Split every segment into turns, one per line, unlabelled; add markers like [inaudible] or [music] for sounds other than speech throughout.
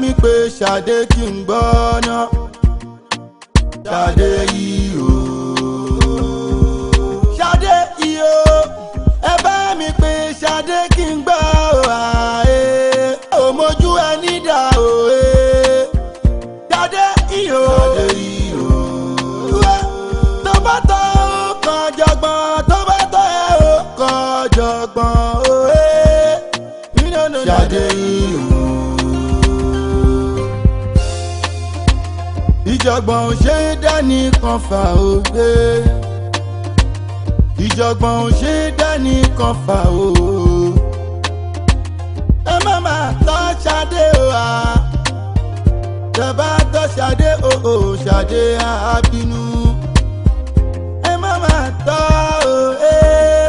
mi pé ṣàdé kí n gbọ́ ná ṣàdé yìí. Eh. ìjọ̀gbọ̀n ò ṣe é dání kan fà ó gbé ìjọ̀gbọ̀n ò ṣe dání kan fà ó. ẹ má má tọ́ ṣadé o à ah. tẹ́ bá tọ́ ṣadé o ò ṣadé á bínú ẹ má má tọ́ o ẹ́ eh.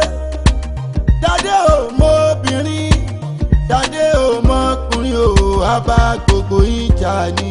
ṣadé o mọ́ obìnrin ṣadé o mọ́ ọkùnrin o àbá gbogbo ìjà ni.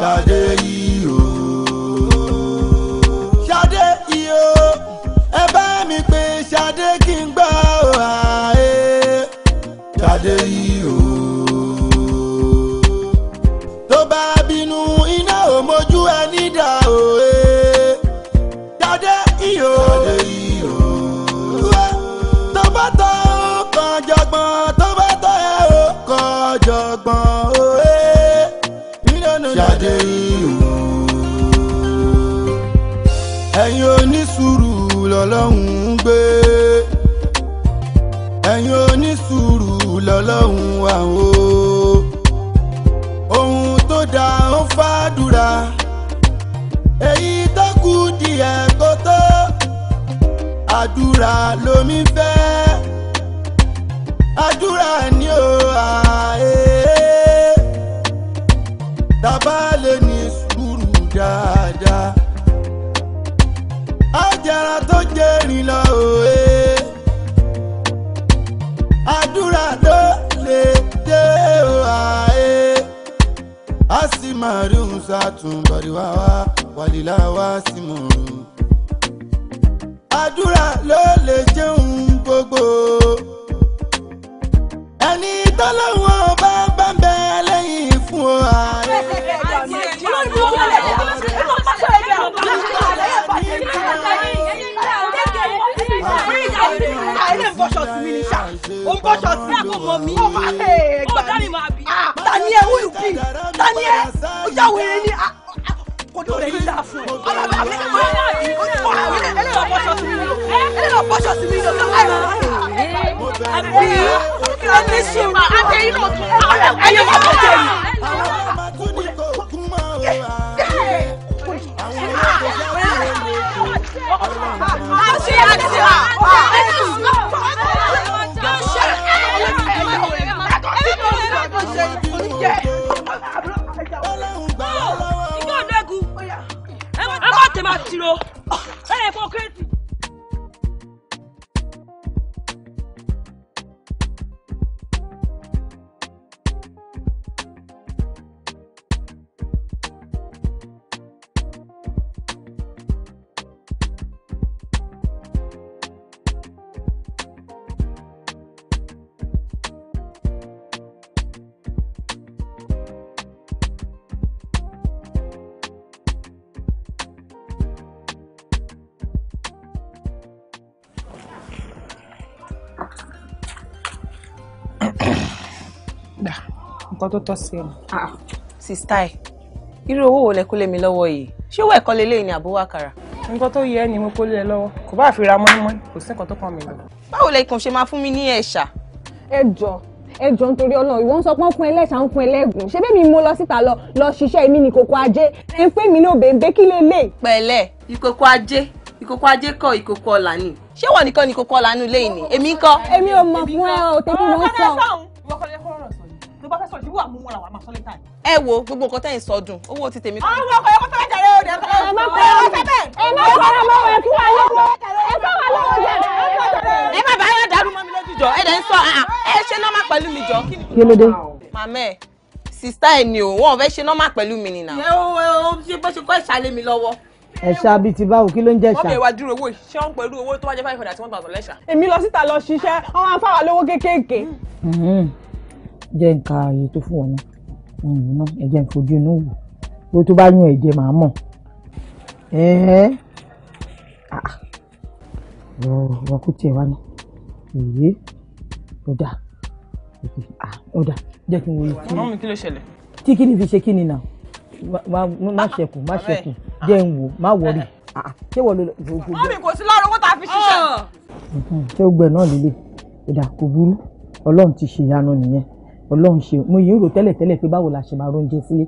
tàdé yìí o. lọ́lọ́hun ń gbé ẹ̀yin onísùúrù lọ́lọ́hun wà o ohun tó dáa ó fàdúrà èyí tó kù díẹ̀ kó tó àdúrà lomi fẹ́. lọ òye. àdúrà ló lè dé òhàyè. a sì máa rí òun ṣàtúnbọ̀rì wá wá wàlílà wá sí mòrùn. àdúrà ló lè jẹun gbogbo. ẹni tọ́lọ́wọ́n bá bá ń bẹ lẹ́yìn fún òhàyè.
ilé
ń bọ́ ṣọ́ọ̀tì mi ní sá o ń bọ́ ṣọ́ọ̀tì mi kò mọ̀ mí. ó máa ṣe é
gbà mí ta ni ẹ wúlù bí ta ni ẹ o já wèrè ni
kò ní òrẹ́ dáa fún ẹ. ọ̀rọ̀ bá mi kò ní àbí ó ní kọ́ àwọn ilé lọ bọ́ ṣọ́ọ̀tì mi lọ ilé lọ bọ́ ṣọ́ọ̀tì mi lọ
àbí àbí ṣe wà àtẹ̀yìn náà tún ẹ̀yìn máa bọ̀ jẹ̀yìn ẹ má
tẹ̀ máa tiro ẹ lè fọ kírẹ́tì. nǹkan tó tọ́ sí ẹ. Ah, sista ẹ irú owó wo lẹ kó lé mi lọ́wọ́ yìí ṣé owó ẹ̀kọ́ lélẹ́yìn ni àbówá kara. nǹkan tó yẹ ni mo kó lé ẹ lọ́wọ́ kò bá fi ra mọ́ínmọ́ín kò sí nǹkan tó kàn mí lọ. báwo lẹ kàn ṣe máa fún mi ní ẹ̀ṣà. ẹ jọ ẹ jọ nítorí Ọlọ́run ìwọ ń sọ pé ó fún ẹlẹ́ṣà ń fún ẹlẹ́gùn ṣé bẹ́ẹ̀ mi mo lọ síta lọ lọ ṣiṣẹ́ èmi ní kòkó ajé ẹ ń pè mí náà bèbè kí lè lè. pẹ̀lẹ́ ìkòkò ajé ìkòkò ajé kọ́ ìkòkò ọlà ni ṣé wọn nìkan ni ìkòkò ọlà nù ni èmi ń kọ́. èmi ò mọ̀ fún ẹ o tèmi mò ń sọ. ọ̀rọ̀ ẹ sọ̀hún ìwọ ọ̀rọ̀ sọ tó bá fẹ́ sọ ìdíwọ́ àmúmọ́ra wà máa sọ lẹ́tà. ẹ wo gbogbo nǹkan tẹ́yìn sọ dùn owó ti tèmi. àwọn ọkọ̀ ẹ̀kọ́ tẹ́lẹ̀ jàre òde ẹ̀kọ́ tẹ́lẹ̀ ẹ má bàa yọ dàrú mọ́ mi lójú jọ ẹ dẹ̀ ń sọ ẹ ṣe nọ́mà pẹ̀lú mi jọ. kí ló dé. màmá ẹ sista ẹ ni o wọn fẹ́ ṣe nọ́mà pẹ̀lú mi nìyà. ẹ o ẹ o ṣe bó ṣe kọ́ ìṣàlẹ̀ mi lọ́wọ́ ẹ̀ṣá bíi ti báwo kí ló ń jẹ́ ṣá. wọ́n bẹ̀rẹ̀ wá dúró owó ìṣẹ́ wọn pẹ̀lú owó tó wájú five hundred àti one thousand lẹ́ṣà. èmi lọ síta lọ ṣiṣẹ́ wọn máa ń fáwọn lówó kéékèèké jẹ́ nka iye tó fún wọn náà wọn wò náà ẹ̀jẹ̀ nfojú inú wò bó tó bá yún ẹ̀jẹ̀ màá mọ̀ ẹ̀ẹ́ ọ̀rọ̀ kò tiẹ̀ wá ní èyí ọ̀dà ọ̀dà jẹ́ kí n wo yìí. mọ́mí kí ló ṣẹlẹ̀. tí kí ni fi ṣe kí ni náà má ṣẹkù má ṣẹkù jẹ́ n wò má wọrí ṣé wọ́n ló lọ. mọ́mí kò sí lọ́rùn owó tá a fi ṣiṣẹ́. ṣé o gbẹ náà líle ọ̀dà kò burú ọlọ́run ti ṣèyanu nìyẹn ọlọ́run ṣe mo yìí ń rò tẹ́lẹ̀ tẹ́lẹ̀ pé báwo la ṣe máa róúnjẹ sílé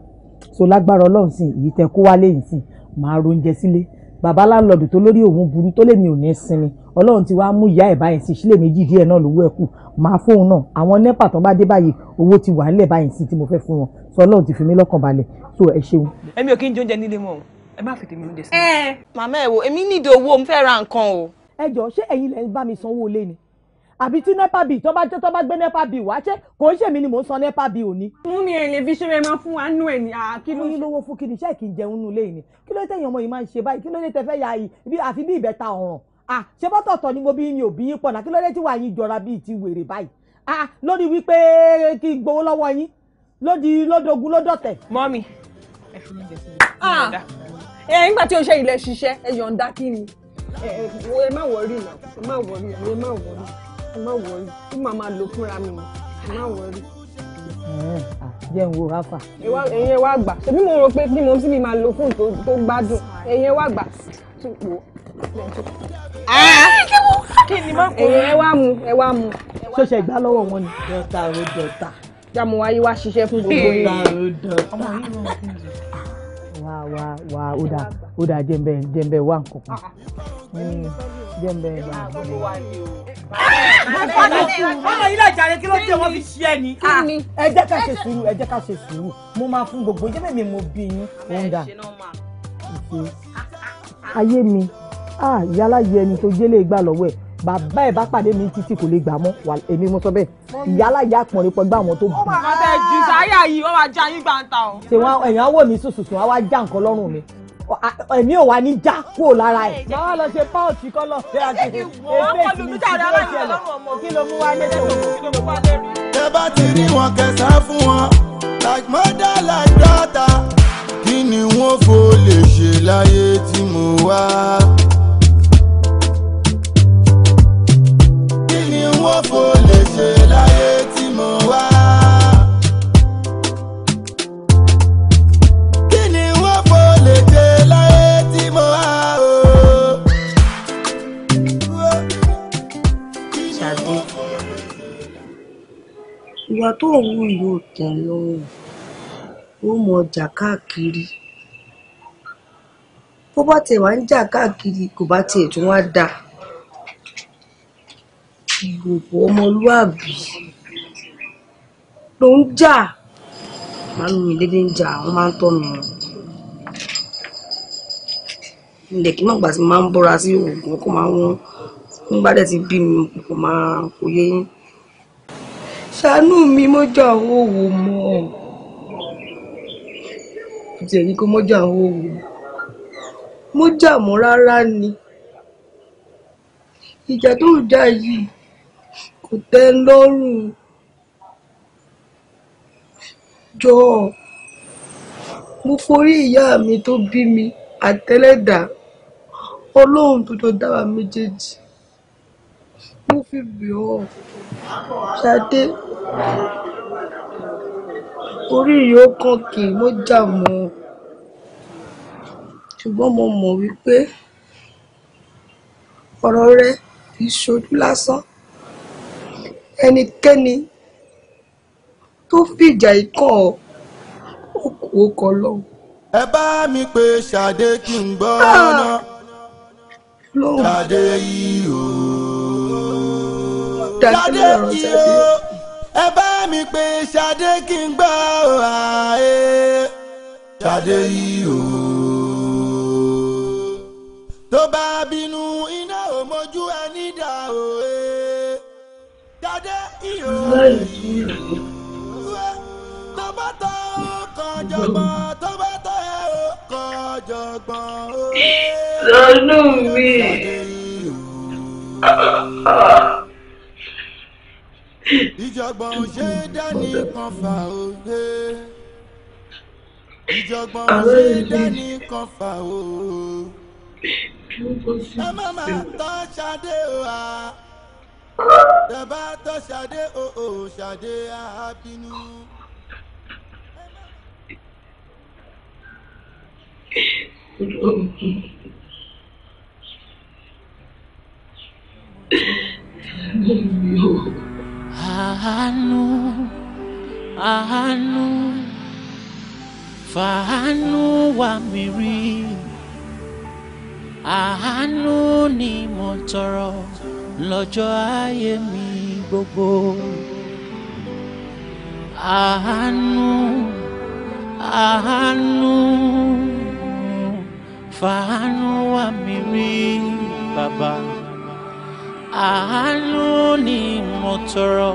so lágbára ọlọ́run sìn èyí tẹ kó wálé yìí sìn máa róúnjẹ sílé bàbá láńlọ́ọ̀dù tó lórí òun burú tó lè mi ò ní sinmi ọlọ́run ti wá mú ìyá ẹ̀ báyìí sí sílé méjì díẹ̀ náà lówó ẹ̀ kù máa fóun náà àwọn nẹ́pà tó bá dé báyìí owó ti wà nílẹ̀ báyìí sí tí mo fẹ́ fún wọn sọ ọlọ́run ti fi mí lọ́kàn balẹ̀ so ẹ ṣeun. èmi ò kí ń jẹ oúnjẹ nílé mọ́ o ẹ má fi tèmi oúnjẹ sí. ẹ eh. màmá ẹ wo èmi nídìí owó mo fẹ́ ra nǹkan o. ẹ jọ ṣé ẹ̀yin lẹ bá mi sanwó ilé ni àbí tí nepa bill tó bá jẹ́ tó bá gbé nepa bill wá ṣé kò ń ṣèmi ni mò ń san nepa bill òní. mú mi ẹ lè fi ṣe rẹ máa fún wa nú ẹ ní àkínú. fún yín lówó fún kí ni iṣẹ́ kì í jẹun nù lẹ́yìn ni kí ló dé tẹ̀yìn ọmọ yìí máa ń ṣe báyìí kí ló dé tẹ fẹ́ ya ibi àfi bí ìbẹ́ta ọ̀ràn ah ṣe bọ́tọ̀ọ̀tọ̀ ni mo bí mi ò bí yín pọ̀ náà kí ló dé tí wàá yín jọra bíi ti wèrè báyìí ah lórí wípé kí n gbowó lọ́wọ́ yín lódi lódogun lódọ̀tẹ̀. mọ́mí ẹ fi mi jẹ sí i. ẹ nígbà tí o ṣe
ẹ má wọrí kí màá máa lò fúnra mi ẹ má wọrí.
jẹ́ ń wo ráfà. ẹ̀yin ẹ wá gbà ṣebí mo rò pé kí mo sì ní máa lo fóònù tó gbádùn ẹ̀yin ẹ wá gbà
tún pò ẹ̀yin ẹ wá mu
ẹ wá mu. ṣọṣẹ ìgbà lọ́wọ́ wọn ni. dọta o dọta. jamuwa yìí wá ṣiṣẹ́ fun gbogbo yìí. dọta o dọta wá wá wá ó dà ó dà jẹ́nbẹ́ jẹ́nbẹ́ wá nǹkan kan ah, ah. jẹ́nbẹ́ wá nǹkan ah, kan. ọmọ yìí làjà rẹ kí ló dé wọn fi ṣí ẹ ní. ẹ jẹ́ ká ṣe sùúrù ẹ jẹ́ ká ṣe sùúrù mo máa fún gbogbo jẹ́ mẹ́mi mo bí yín òun dà ayé mi ìyá aláyẹ ẹni tó jẹ́lé gbà lọ́wọ́ ẹ̀ bàbá ẹ̀ bá pàdé mi títí kò lè gbà mọ́ èmi mo sọ bẹ́ẹ̀ ìyálà ìyá àpọ̀nrín pọ̀ gbá tó bù. ó máa bẹ jù sáyà yìí wọ́n máa já yín gbàǹtà o. ṣé wọn èèyàn wò mí sùsùsù wọn wá já nǹkan lọ́rùn mi èmi ò wá ní já kúrò lára ẹ̀. báwa lọ ṣe pọ́ọ̀tì kọ́ lọ sí àgbègbè èfè
tí mi ti lè ṣẹlẹ̀ kí ló mú wá lẹ́sẹ̀ tẹ bá ti rí wọn kẹsà fún wọn like mother like daughter kí ni wọn fò lè ṣe láyé tí mo wá. mo lè ṣe láyé tí mo wá. kí ni wọ́n mo
ìwà tó òun yóò tẹ̀ lọ́wọ́ ó mọ ọjà káàkiri bó bá tiẹ̀ wá ń jà káàkiri kò bá tiẹ̀ tún wá dáa ìhòòhò ọmọlúàbí
ló ń jà màámi mi dédé ń jà wọn máa ń tọ́ mi rìn
ilẹ̀ kí mọ̀gbà tí máa ń bọ́ra sí oògùn kó máa wọ́n nígbà dẹ̀ ti bí mi kò máa kò yé yín ṣàánú mi mọ́jọ́ àwọn òwò mọ́ ọ tiẹ̀ ní kó mọ́jọ́ àwọn òwò mọ́jà mọ́ rárá ni ìjà tó ń jà yìí kò tẹ́ lọ́rùn jọ̀ọ́ mo forí ìyá mi tó bí mi àtẹ́lẹ́dàá ọlọ́run tó jọ dá wa méjèèjì mo fi bì ọ́ ṣadé orí yóò kàn kì í mo jà mọ́ ọ ṣùgbọ́n mo mọ̀ wípé ọ̀rọ̀ rẹ kì í ṣojú lásán ẹnikẹ́ni
tó fìjà ikán ọ ó lọ. ẹ bá mi pé ṣàdé kí n gbọ́ ah! ọ́nà ṣàdé yìí o ṣàdé yìí o ẹ bá mi pé ṣàdé kí n gbọ́ ààyè ṣàdé yìí o tó bá bínú iná ò ẹni dà o báyìí tí mi ò ní. Ìsọ̀nù ṣe dání kan fà òde. Ìjọ̀gbọ̀n ṣe dání kan fà òde. Ẹ má máa tán ṣadé wa. Tẹ̀bá tọ́ Ṣadé òhò Ṣadé àbínú.
Àánú àánú fàánú wà mí rí àánú ni mo tọrọ lọ́jọ́ ayé mi gbogbo àánú àánú fàánú wà mí rí bàbá àánú ni mo tọrọ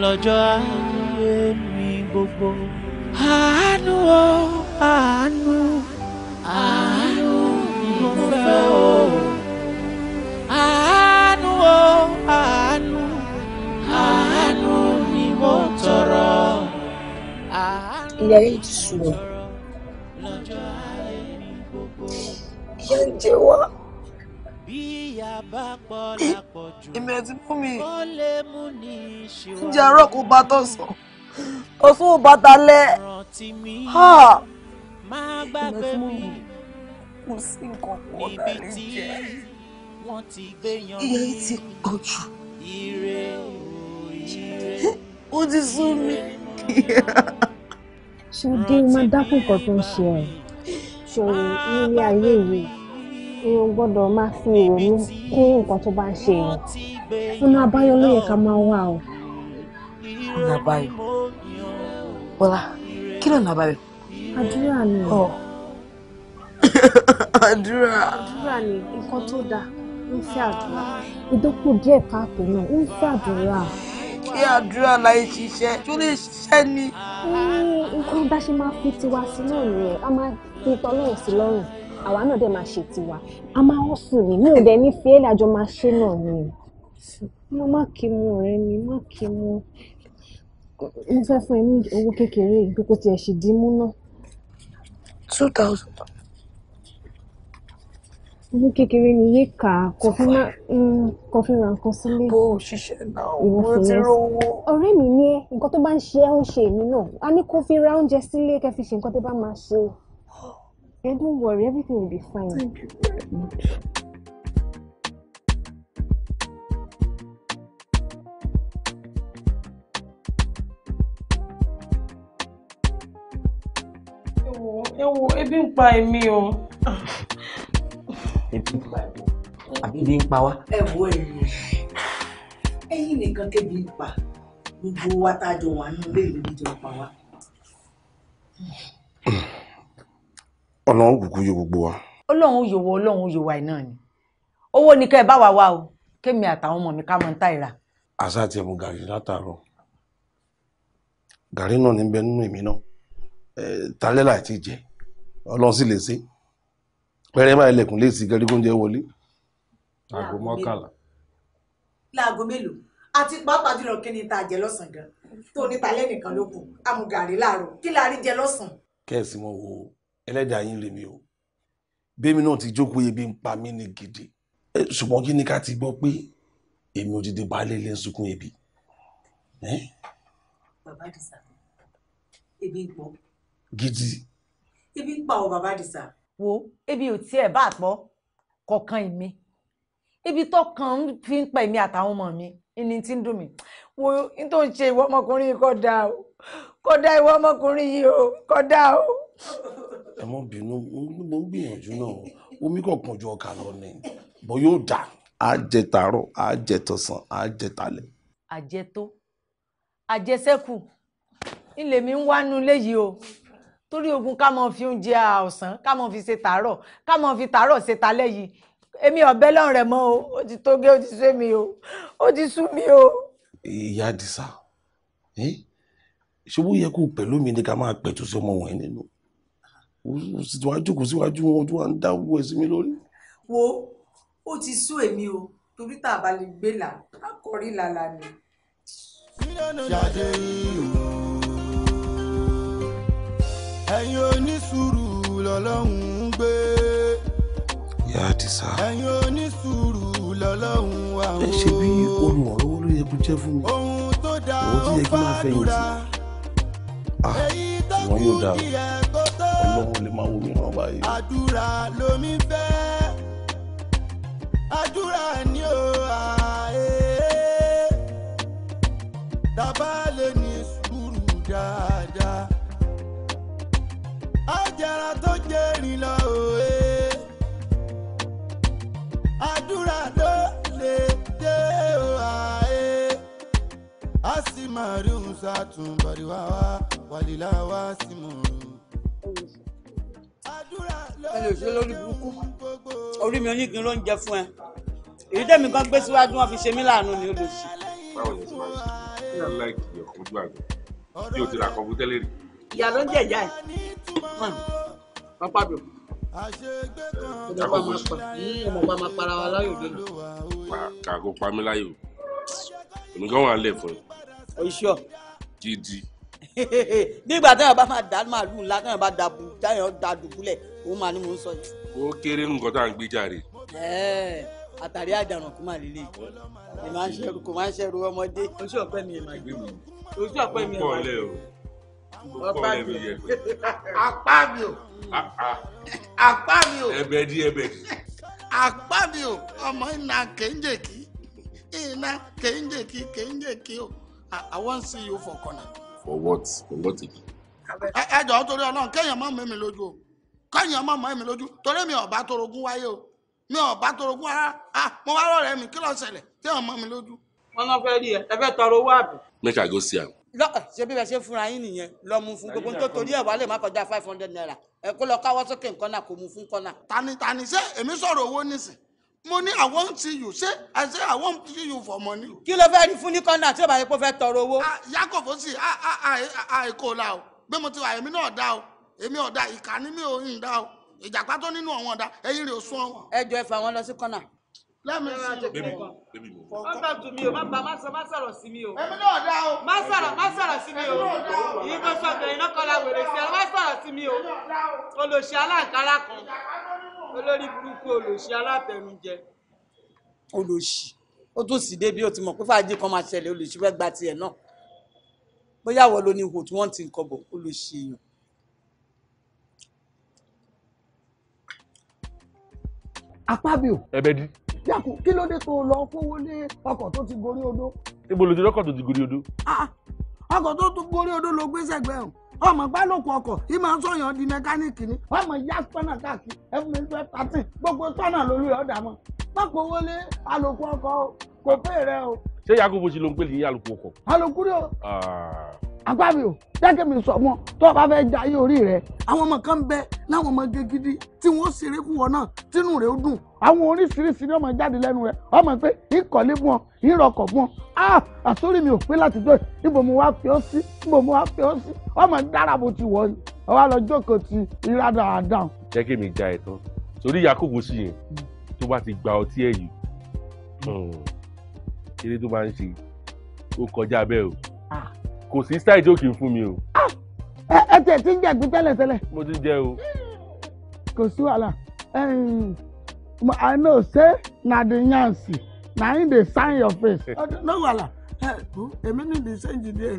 lọ́jọ́ ayé mi gbogbo àánú o àánú àánú mo fẹ́ o. ilé ayé ti sú mi
ìyà ń jẹ wá
èmi ẹ̀ ti fún mi ǹjẹ́ àárọ̀ kó bá
tọ̀sán ọ̀sán ò bá talẹ̀ ìgbà
tí mo mú
kò sí nǹkan
kó ọ̀dà lè jẹ́ yìí ti pọ̀ jù ó ti sú mi
ṣadé má dákun kan tó ń ṣe ẹ ṣòro nílé ayé yìí ìwọ gbọ́dọ̀ máa fi ìrònú kún nǹkan tó bá ń ṣe yẹn ọ̀nà àbáyọ ló yẹ ká máa wá o. ọ̀nà àbáyọ bọ́lá kí lọ́nà àbáyọ. àdúrà ni ọ. [laughs] àdúrà. àdúrà ni nǹkan tó dáa ń fẹ́ àdúrà ìdókòó díẹ̀ káàtó náà ń fẹ́ àdúrà
kí àdúrà láì ṣiṣẹ́ tó lè ṣiṣẹ́ ni.
nǹkan bá ṣe máa fi tiwa sí náà nìyẹn a máa fi tọ́lọ́run sí lọ́rùn
àwa náà dẹ̀ máa ṣe tiwa
a máa ń sùn ní mi ò dẹ̀ ní fi èlé máa ṣe náà ni mo má kí mu ọ̀rẹ́ mi má kí mu mo fẹ́ fún ẹ ní owó kékeré ìgbé kó tiẹ̀ ṣì dín mú náà. two thousand ní kékeré ni yé kà á mm, kò fi máa kò fi ra nǹkan sílé. bó o ṣiṣẹ́ náà owó ti rówó. ọ̀rẹ́ mi ni ẹ nǹkan tó bá ń ṣe ẹ́ ń ṣe èmi náà a ní kó fi ra oúnjẹ sílé kẹ́ fi ṣe nǹkan tó bá máa ṣe. ẹ don't worry everything will be fine. thank you very much.
ẹ wo ebi ń pa èmi o ebi ń pa ẹ̀bùn àbí ebi ń pa wá. ẹ wo ẹ̀yin ẹ̀yin nìkan kébi ń pa gbogbo wa tá a jọ wà nínú ilé ìlú ìjọ pa wá.
ọlọ́run kúkú yọ gbogbo wa.
ọlọ́run yọ wọ ọlọ́run yọ wa iná ni owó ni kẹ́ ẹ bá wa wá o kémi àtàwọn ọmọ mi ká mọ ń tà
àṣà tiẹ̀ mu gàrí látàárọ̀ gàrí náà ní bẹ nínú èmi náà tálẹ́là àti ìjẹ́ ọlọ́run sì lè ṣe é pẹ̀rẹ́ máa ilẹ̀kùn léèsì gẹrígúnjẹ wọlé. aago mọ́kànlá.
láago mélòó àti pàápàá jùlọ kí ni tá a jẹ lọ́sàn-án gan tó ní ta lẹ́nìkan ló kù amúgàrí láàárọ̀ kí la rí jẹ lọ́sàn.
kẹ́ẹ̀sì mo wo ẹlẹ́dàá yín rèmi o bẹ́mi náà ti jókòó ebi ń pa mí ní gidi ṣùgbọ́n kí ni ká ti gbọ́ pé
èmi ò dìde baálé ilé ń sunkún ebi.
bàbá àdìsá ebi ń pọ̀. gidi. ebi ń pa ọ bàbá àdìsá wo ebi ò tiẹ̀ bá àpọ̀ kọ̀ọ̀kan ìmí ibi tó kàn ń fi ń pa èmi àtàwọn ọmọ mi ni ti ń dùn mí wo n tó ń ṣe ìwọ ọmọkùnrin yìí kódà o kódà ìwọ ọmọkùnrin yìí o kódà o.
ẹ mọ bínú mo gbìyànjú náà omi kò pọ̀jù ọkà lọ ni bó yóò dà á jẹ tàárọ̀ á jẹ tọ̀sán á jẹ talẹ́.
àjẹtó àjẹsẹ́kù ńlẹ̀mí ń wá nulẹ̀ yìí o torí ogun ká mọ fi oúnjẹ ọ̀sán ká mọ fi ṣe tàárọ̀ ká mọ fi tàárọ̀ ṣe talẹ́ yìí èmi ọ̀bẹ lọ́rùn rẹ̀ mọ́ o ó ti tó gé ó ti sé mi o ó ti sú mi o.
ìyá àdìsá ṣubú yẹ kó pẹ̀lú mi ni ká máa pẹ̀tù sí ọmọ wọn nínú síwájú kò síwájú wọn ojú wa ń dá owó ẹ mi lórí.
wo ó ti sú èmi o torí tá a bá lè gbé là á kọrí làlà ni. ṣáde
yìí o ẹ̀yin onísùúrù lọ́lọ́run ń gbé. ìyá àdìsá. ẹ̀yin onísùúrù lọ́lọ́run wà ó. ẹ ṣe bí ohun ọ̀rọ̀wọ́ ló yẹ kó jẹ́ fún mi. ohun tó dáa ó fàdúrà. Ah, èyí tó kí ẹ kó tó. àdúrà lomi fẹ́ àdúrà ni ó à ee. tá lè ní sùúrù dáadáa ajara tó jẹrin lọ òye àdúrà ló lè dé òhàyè a sì máa rí òun ṣàtúnbọ̀rì wá wá wàlílà wá sí mòrò. ẹ lè ṣe lórí burúkú orí mi onígun ló ń jẹ fún ẹ èyí tẹ̀mí kan gbé síwájú wọn fi ṣe mí láàánú ni ó lè ṣe.
báwo ni ìṣúná ṣe kí ẹ láìkì ẹ̀kọ́ ojú àgbẹ̀ bí o ti rà kọ́ bú tẹ́lẹ̀ rí.
ìyá ló ń jẹ̀jà ẹ̀ pápá mi ọmọ
kàkó pa mí láyò èmi kan wà lẹ fún ẹ. gidi.
nígbà [laughs] táyọ̀ bá máa dá màálù ńlá táyọ̀ bá dàbù táyọ̀ da dùbúlẹ̀ òun máa ní mò ń sọ
yìí. ó kéré nǹkan tá à ń gbé jàre.
àtàrí àjàràn kó má lélẹ̀ kò máa ń ṣẹrù ọmọdé. oṣù ọ̀pẹ mi ẹ̀ máa gbé mi. oṣù ọ̀pẹ mi ẹ̀ máa gbé mi.
Akpabio o ah, ah. o o ọmọ o ah, I wan see you for corner.
for what for what again.
ẹ jọ̀ọ́ torí ọlọ́run kéèyàn o kéèyàn má mi lójú torí mi ọ̀bá torogún wáyé o mi ọ̀bá torogún ara mo wá rọ̀rẹ́ mi kí ló mi lójú.
wọn náà tọrọ owó
make I go see am.
ṣe bí ẹ ṣe fúnra yín nìyẹn lọ mú fún gbogbo tó torí ẹ wà lè má kọjá five hundred naira ẹ kó lọ káwọ́ sókè nǹkan náà kò mú fún kọ́nà. tanitani ṣé èmi sọ̀rọ̀ owó nísìn mo ní i want you ṣé i say i see you for money. kí ló fẹ́ rí fún ní kọ́nà tí ó bá yẹ kó fẹ́ tọrọ owó. yakobo sì àìkò la o gbé mo ti wà èmi náà dá o èmi ọ̀dà ìkànnì mi ò ń dá o ìjàpá tó nínú ọ̀wọ́n ọ̀dà ẹ̀yìn rẹ̀ ò sún ọ̀wọ́n. ẹ jọ ẹ fà wọn lọ sí kọ́nà let me see you. baby
baby
mo. come back to me o oh, má ba má sọ má o. èmi náà dá o. má sọ̀rọ̀ má sọ̀rọ̀ sí o. èmi oh. náà o. yìí kò sọ bẹ̀rẹ̀ náà o. olòṣì
aláǹkárá
ó tún sì dé bí ó ti mọ̀ pé fàájì kan máa ṣẹlẹ̀ olòṣì fẹ́ gba tiẹ̀ náà bóyá àwọn ló ní ihò
tí wọ́n ti ń kọbọ̀ olòṣì èèyàn.
apábíò. ẹbẹ dín.
kíákù kí ló dé tó lọ kówó lé
ọkọ̀ tó ti gorí odó.
ibo ló ti rọ́kọ̀ tó ti gorí odó.
Ah, ah. ọkọ̀ tó ti gorí odó ló gbé o ọmọ gbálòkù ọkọ̀ yìí sọ̀yàn di mẹkáníìkì ni ọmọ ìyá sọ́nà káàkiri ẹ̀fúnmi gbogbo sọ́nà lórí ọ̀dà mọ́ má kówó lé ọkọ̀ o kò pé rẹ o.
ṣé ti ń pè ní
agbábi o jẹ́kẹ́ mi sọ mọ́ tó o bá fẹ́ ja ayé orí rẹ. àwọn ọmọ kan ń bẹ láwọn ọmọ gegidi tí wọ́n ṣeré fún wọn náà tínú rẹ̀ ó dùn. àwọn oríṣiríṣi ni ọmọ jáde lẹ́nu rẹ̀ ọmọ pé ìkọ̀lé fún ọ ìrọ̀kọ̀ fún ọ ah! àsórí mi ò pé láti dọ̀ níbo mo wá fi ọ́ sí níbo mo wá fi ọ́ sí ọmọ dára bó ti wọ̀ ọ wá lọ jókòó ti ìradà àdáhùn.
jẹ́kẹ́ mi ja ẹ̀ tán torí yakubu sí yẹn tó bá ti gba ọtí ẹ̀ yìí hmm, kò sí style jókì fún mi o. Ah!
ẹ tẹ̀ tí ń jẹ ìgbín tẹ́lẹ̀ tẹ́lẹ̀.
mo ti jẹ o.
kò sí wàhálà i know say na the yansi na him dey sign your face. Eh. Oh, no wàhálà eh, èmi ní the change there.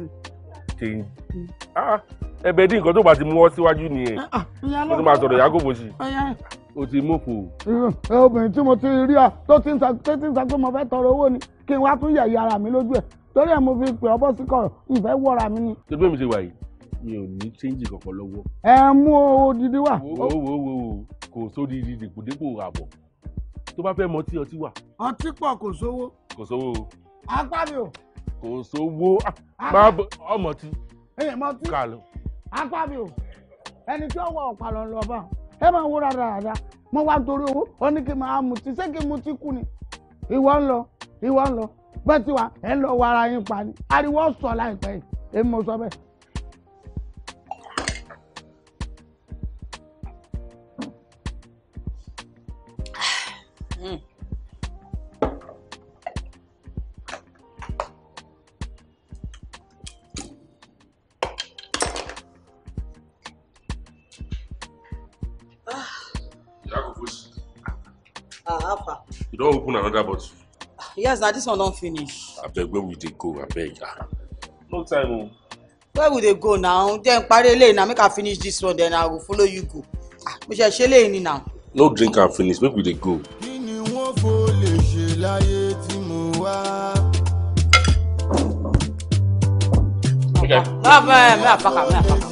change hmm. ah, ẹ̀bẹ̀ dín nǹkan tó bá ti mú ọ síwájú nìyẹn ah,
mo ti máa sọ̀rọ̀ ìyá kò bó ṣe o ti mọ̀fò. obìnrin tí mo ti rí a tó ti ń sọ pé mo fẹ́ tọrọ owó ni kí n wá tún yẹ̀yẹ́ ara mi lójú ẹ̀ torí ẹ̀ mo fi pè ọ́ bọ́ sí kọ̀rọ̀ ìfẹ́ wọ́ra mi ni.
tó gbé mi ṣe wà yìí mi ò ní ṣéǹjì kankan lọ́wọ́.
ẹ mú odidi wá. wo
wo wo kò sódi dìpòdépò àbọ̀ tó bá fẹ́ mọ tí ọtí wà. ọtí pọ̀ kò sówó. kò sówó. apá mi ò. kò sówó ah, ọmọ tí. ẹyẹ
mọ tí. kà lọ. apá mi ò ẹni tí ó wọ ọ̀pàlọ́ lọ bá ẹ máa wó rádaràda mo wá nítorí owó ó ní kí n máa mutí ṣé kí n mutí kú ni ìwọ ń lọ ìwọ ń lọ bẹ́ẹ̀ tí wa ẹ lọ wọ ara yín pa ni ariwo sọ láìpẹ́ yìí èmi mo sọ bẹ́ẹ̀. Ah.
Ah, you don't open another bottle
yes now this one don't finish.
abeg where we they go abeg. no time
where we they go now then pari eléyìí na make i finish this one then i will follow you go We shall ṣe ṣe now.
no drink and finish Where we they go. kí ni wọ́n fò lè
ṣe láyé tí mo wá. Okay. No, me, me, me, me, me, me, me, me, me, me, me, me, me,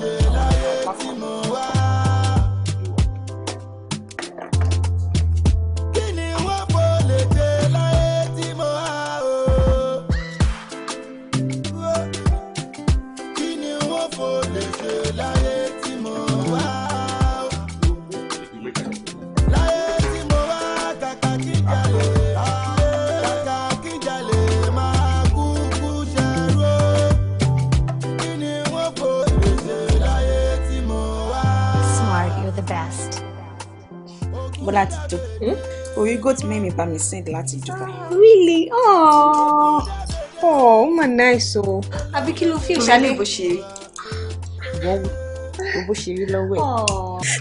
láti jó òrígò tí mẹ́mi bá mi send láti Dubai.
really
oh oh ó mà nice o. àbí kí ló fi ìṣàlẹ̀ bó ṣe rí. wọ́n wù o bó ṣe rí lọ́wọ́ ẹ̀.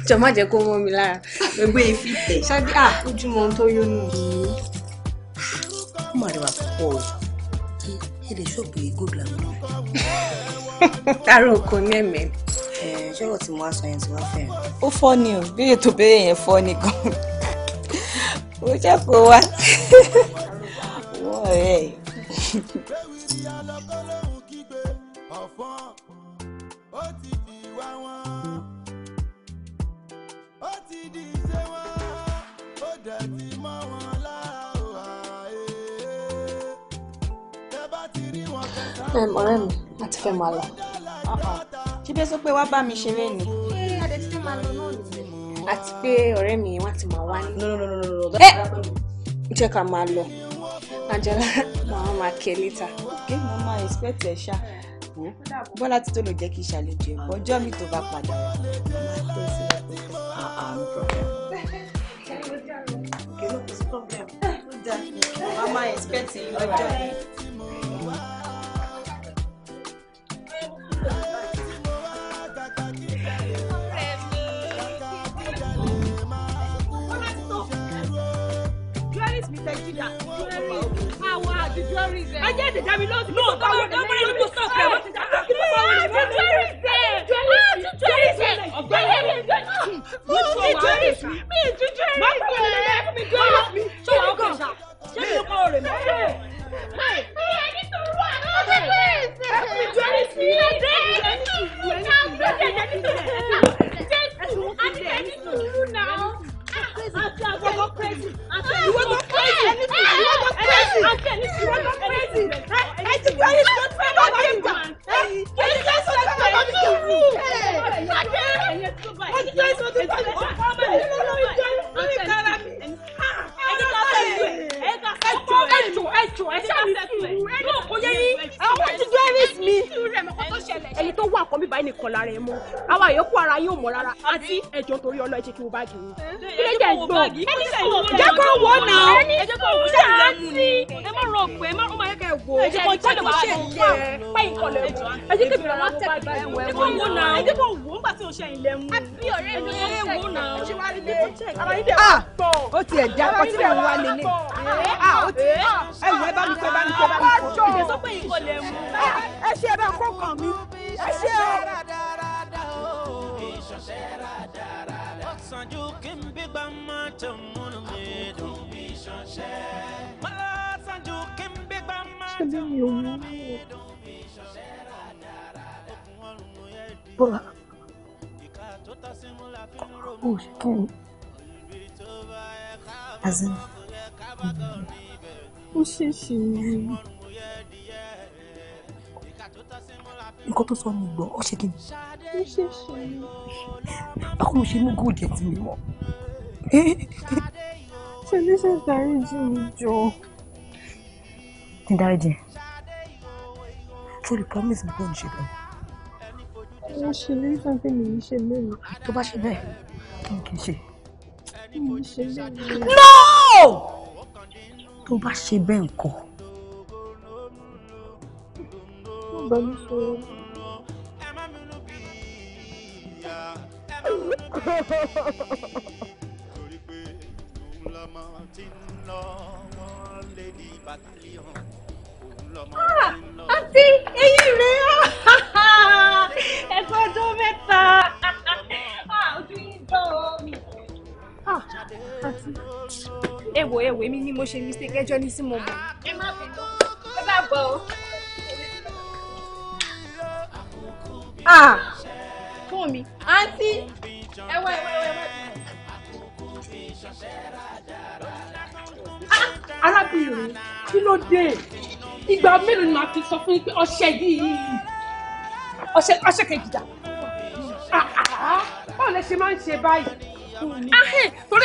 jọ má jẹ́ kó mọ́ mi lára. gbogbo
èéfì tẹ̀. ṣáájú à ah, ojúmọ ohun tó yónú. ó mà rẹwà púpọ̀ o ẹ lè ṣọ́ọ̀bù yìí gògìlà mọ́. àrùn kò ní ẹ̀mẹ́ ṣọ́rọ̀ tí mo wá sọ yẹn ti wá fẹ́. ó fọ́ ni o bí ètò béèrè yẹn fọ́ ni gan. mo jẹ́ kó wá. ọ̀rẹ́
mi láti fẹ́ máa lọ
ṣíbẹ́ sọ pé wá bá mi ṣeré ni.
àti pé ọ̀rẹ́ mi
wọ́n ti máa wá ní. no no no no no ẹ eh! jẹ́ ká máa lọ Angela màá máa kẹ́ lítà. ok mo máa expect ẹ ṣá bọ́lá títí ló jẹ́ kí n ṣàlejò ẹ̀kọ́ ọjọ́ mi tó bá padà wá. Ah, ah,
mama expect ọjọ́ yìí.
ẹ no bá wọn bá wọn lójú sọ pé wọ́n ti dáná kí wọ́n bá wọn lè wọ́n lè wọ́n ti jẹ́rìí sẹ́ ọ̀gbẹ́ni mi ti jẹ́rìí sí mi ti jẹ́rìí sí má kú ẹ̀ ẹ́ fún
mi kí crazy. Auntie, I'm not crazy. You were not crazy. You were not crazy. Auntie,
you were not crazy. I
think you is not fair. Not fair, man. I think you is not fair. Not crazy. Auntie, I think you is not fair. Not crazy. Auntie,
I think that is not fair ẹni tó wà kọ́ mi báyìí nìkan lára ẹ mọ́ àwa yòókù ara yóò mọ̀ rárá àti ẹ̀jọ̀ torí ọlọ́ ẹ̀jẹ̀ kí wọ́n báàgì wọn. ilé jẹ́ gbọ́ jẹ́ kó wọ́ náà ṣe é sí. ẹ má rọ pé ẹ má rọ kẹ wò ó ṣe kọjá ló ṣe yẹ pé ìkọlẹ̀ wò ẹ jẹ́ kí mi rà wá tẹ̀ ẹ wò ẹ wò náà ẹ jẹ́ kó wò ó nígbà tí o ṣe ìlẹ̀ mu. àbí ọ̀rẹ́ mi ẹ wò náà. ó ti ẹ̀ já ọtí tẹ̀ ń wá lélẹ̀. ẹ wọ ẹ bá ẹ bá mi kọ ẹ bá mi kọ. ìdè tó ẹ ṣe ẹ bá kó kàn mí ẹ ṣe
o.
ọ̀sán kí n bí gbà máa tẹ̀ múnú mi dùn. ọ̀sán kí n bí gbà máa tẹ̀ múnú mi dùn.
Bọ́lá, kò Azim. Ó ṣèṣe rẹ̀.
Nǹkan tó sọ mi gbọ́, ó ṣe kí ni?
Ó ṣèṣe rẹ̀.
Báwo ló ṣe mú góòdì ẹ̀ tí mi mọ̀?
Ṣèléṣe dáríjì mi jọ. Kí n dáríjì? Ṣé o lè promise mi pé o ní ṣe bẹ́ẹ̀? Mo ṣe lórí sọ́ńtẹ́ mi ní ṣe lónìí. Tó bá ṣe bẹ́ẹ̀, kí n kì í ṣe
no
tó bá ṣe bẹ́ẹ̀ nǹkan.
Ah, àti eyín rẹ̀ [laughs]
ẹ̀kọ́ ọdún mẹ́ta
[laughs] ah, ojú yìí dán o
èwo èwo èmi ni mo ṣe mistake ẹjọ́ ní sí mo mọ̀.
ẹ má bínú ẹ bá bọ̀ o. fún mi àǹtí ẹ wá ẹ wá ẹ wá. Ah, arábìnrin kí ló dé ìgbà mélòó ni màá fi sọ fún yín pé ọṣẹ yìí ọṣẹ ọṣẹ kejì dà ah, ah, báwo lẹ ṣe máa ń ṣe báyìí torí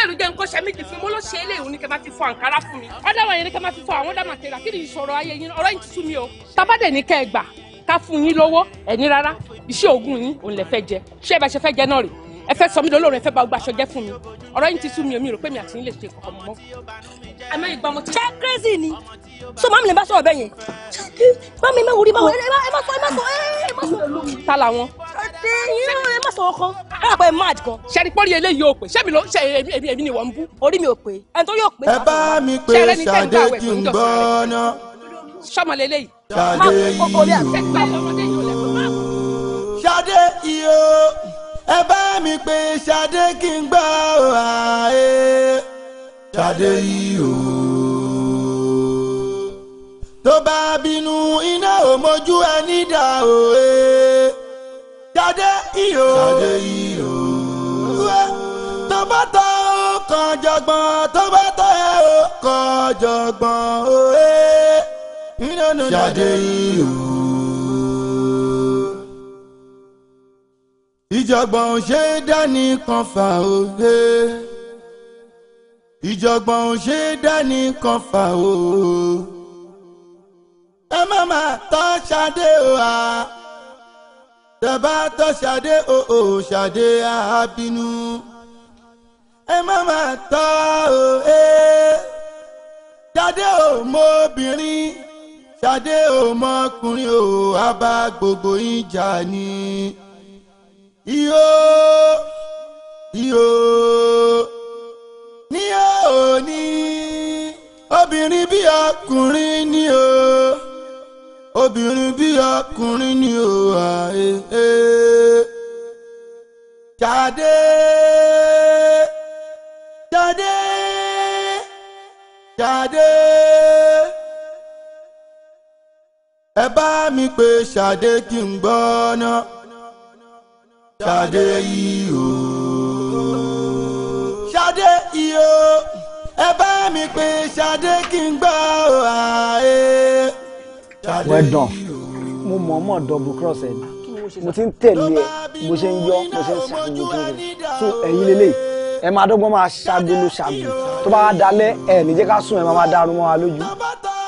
ẹ̀rù jẹ́ nǹkan ṣe méjì fún mi mo ló ṣe eléyìí ní kẹ́ máa ti fọ àǹkárá fún mi ọ̀dàwọ̀n yẹn ní kẹ́ máa ti fọ àwọn ọ̀dàmà tẹ̀ra kí ni ìṣòro ayé yín ọ̀rọ̀ yìí ti sú mi o tabadẹ̀ ní kẹ́ ẹ gbà ká fún yín lówó ẹ̀ní rárá iṣẹ́ òògùn yín òun lè fẹ́ jẹ ṣé ẹ bá ṣe fẹ́ jẹ náà rèé ẹ fẹ́ sọ mí lọ́lọ́run ẹ fẹ́ ba ọgbà aṣọ jẹ́ fún mi ọ̀rọ̀ yìí ti sú mi èmi rò pé mi àti yín lè ṣe kọ̀ọ̀kan mọ́. àmọ́ ìgbà mo ti. ṣé crazy ni so mami lè bá sọ̀rọ̀ bẹ́ẹ̀ yẹn mami má wúri má ẹ má sọ ẹ má sọ ẹ má sọ. ta la wọn. ẹ má sọ ọkàn ẹ àpẹ mad kan. sẹ́ni pọ́lì eléyìí ò pé ṣé mi ló ṣe èmi èmi ni wọ́n ń bú. orí mi ò pé ẹni tó yóò pé. ẹ bá mi pé ṣàdé kí n gbọ́
sọmọ lélẹ́yìí. ṣàdé iyo ṣàdé iyo ẹ bá mi pé Ṣadé kí n gbọ́ ààyè Ṣadé yìí o. tó bá bínú iná ò mójú ẹni dà o ẹ Ṣadé yìí o. Ṣadé yìí o. tó bá tọ́ ó kàn jọgbọ́n tó bá tọ́ ẹ ó kàn jọgbọ́n o ẹ. Ṣadé yìí o. ìjọ̀gbọ̀n ṣe dání kan fà òwe ìjọ̀gbọ̀n ṣe dání kan fà òwe ẹ má má tọ́ ṣadé o a tẹ̀bá tọ́ ṣadé o ò ṣadé a bínú ẹ má má tọ́ o e ṣadé o mọ obìnrin ṣadé o mọ ọkùnrin o a bá gbogbo yín jà ni iyo iyo ni òní obìnrin bí ọkùnrin ni o obìnrin bí ọkùnrin ni o àyè ẹ jáde jáde jáde ẹ bá mi pè ṣàdé kí n gbọ́ náà ṣadé yìí o. ṣadé yìí ẹ bá mi pè ṣadé kí n gbọ́ ààyè.
well done mo mọ̀ ọ́ double cross ẹ̀ mo ti ń tẹ̀lé ẹ̀ mo ṣe ń yọ mo ṣe ń ṣàgbéyẹ̀wò rẹ̀ so ẹ̀yin lélẹ̀ ẹ máa dọ́gbọ́n máa ṣàgbélò ṣàgbé tó bá wá dalẹ̀ ẹ̀ níjẹ́ ká sùn ẹ̀ máa máa mọ́ wa lójú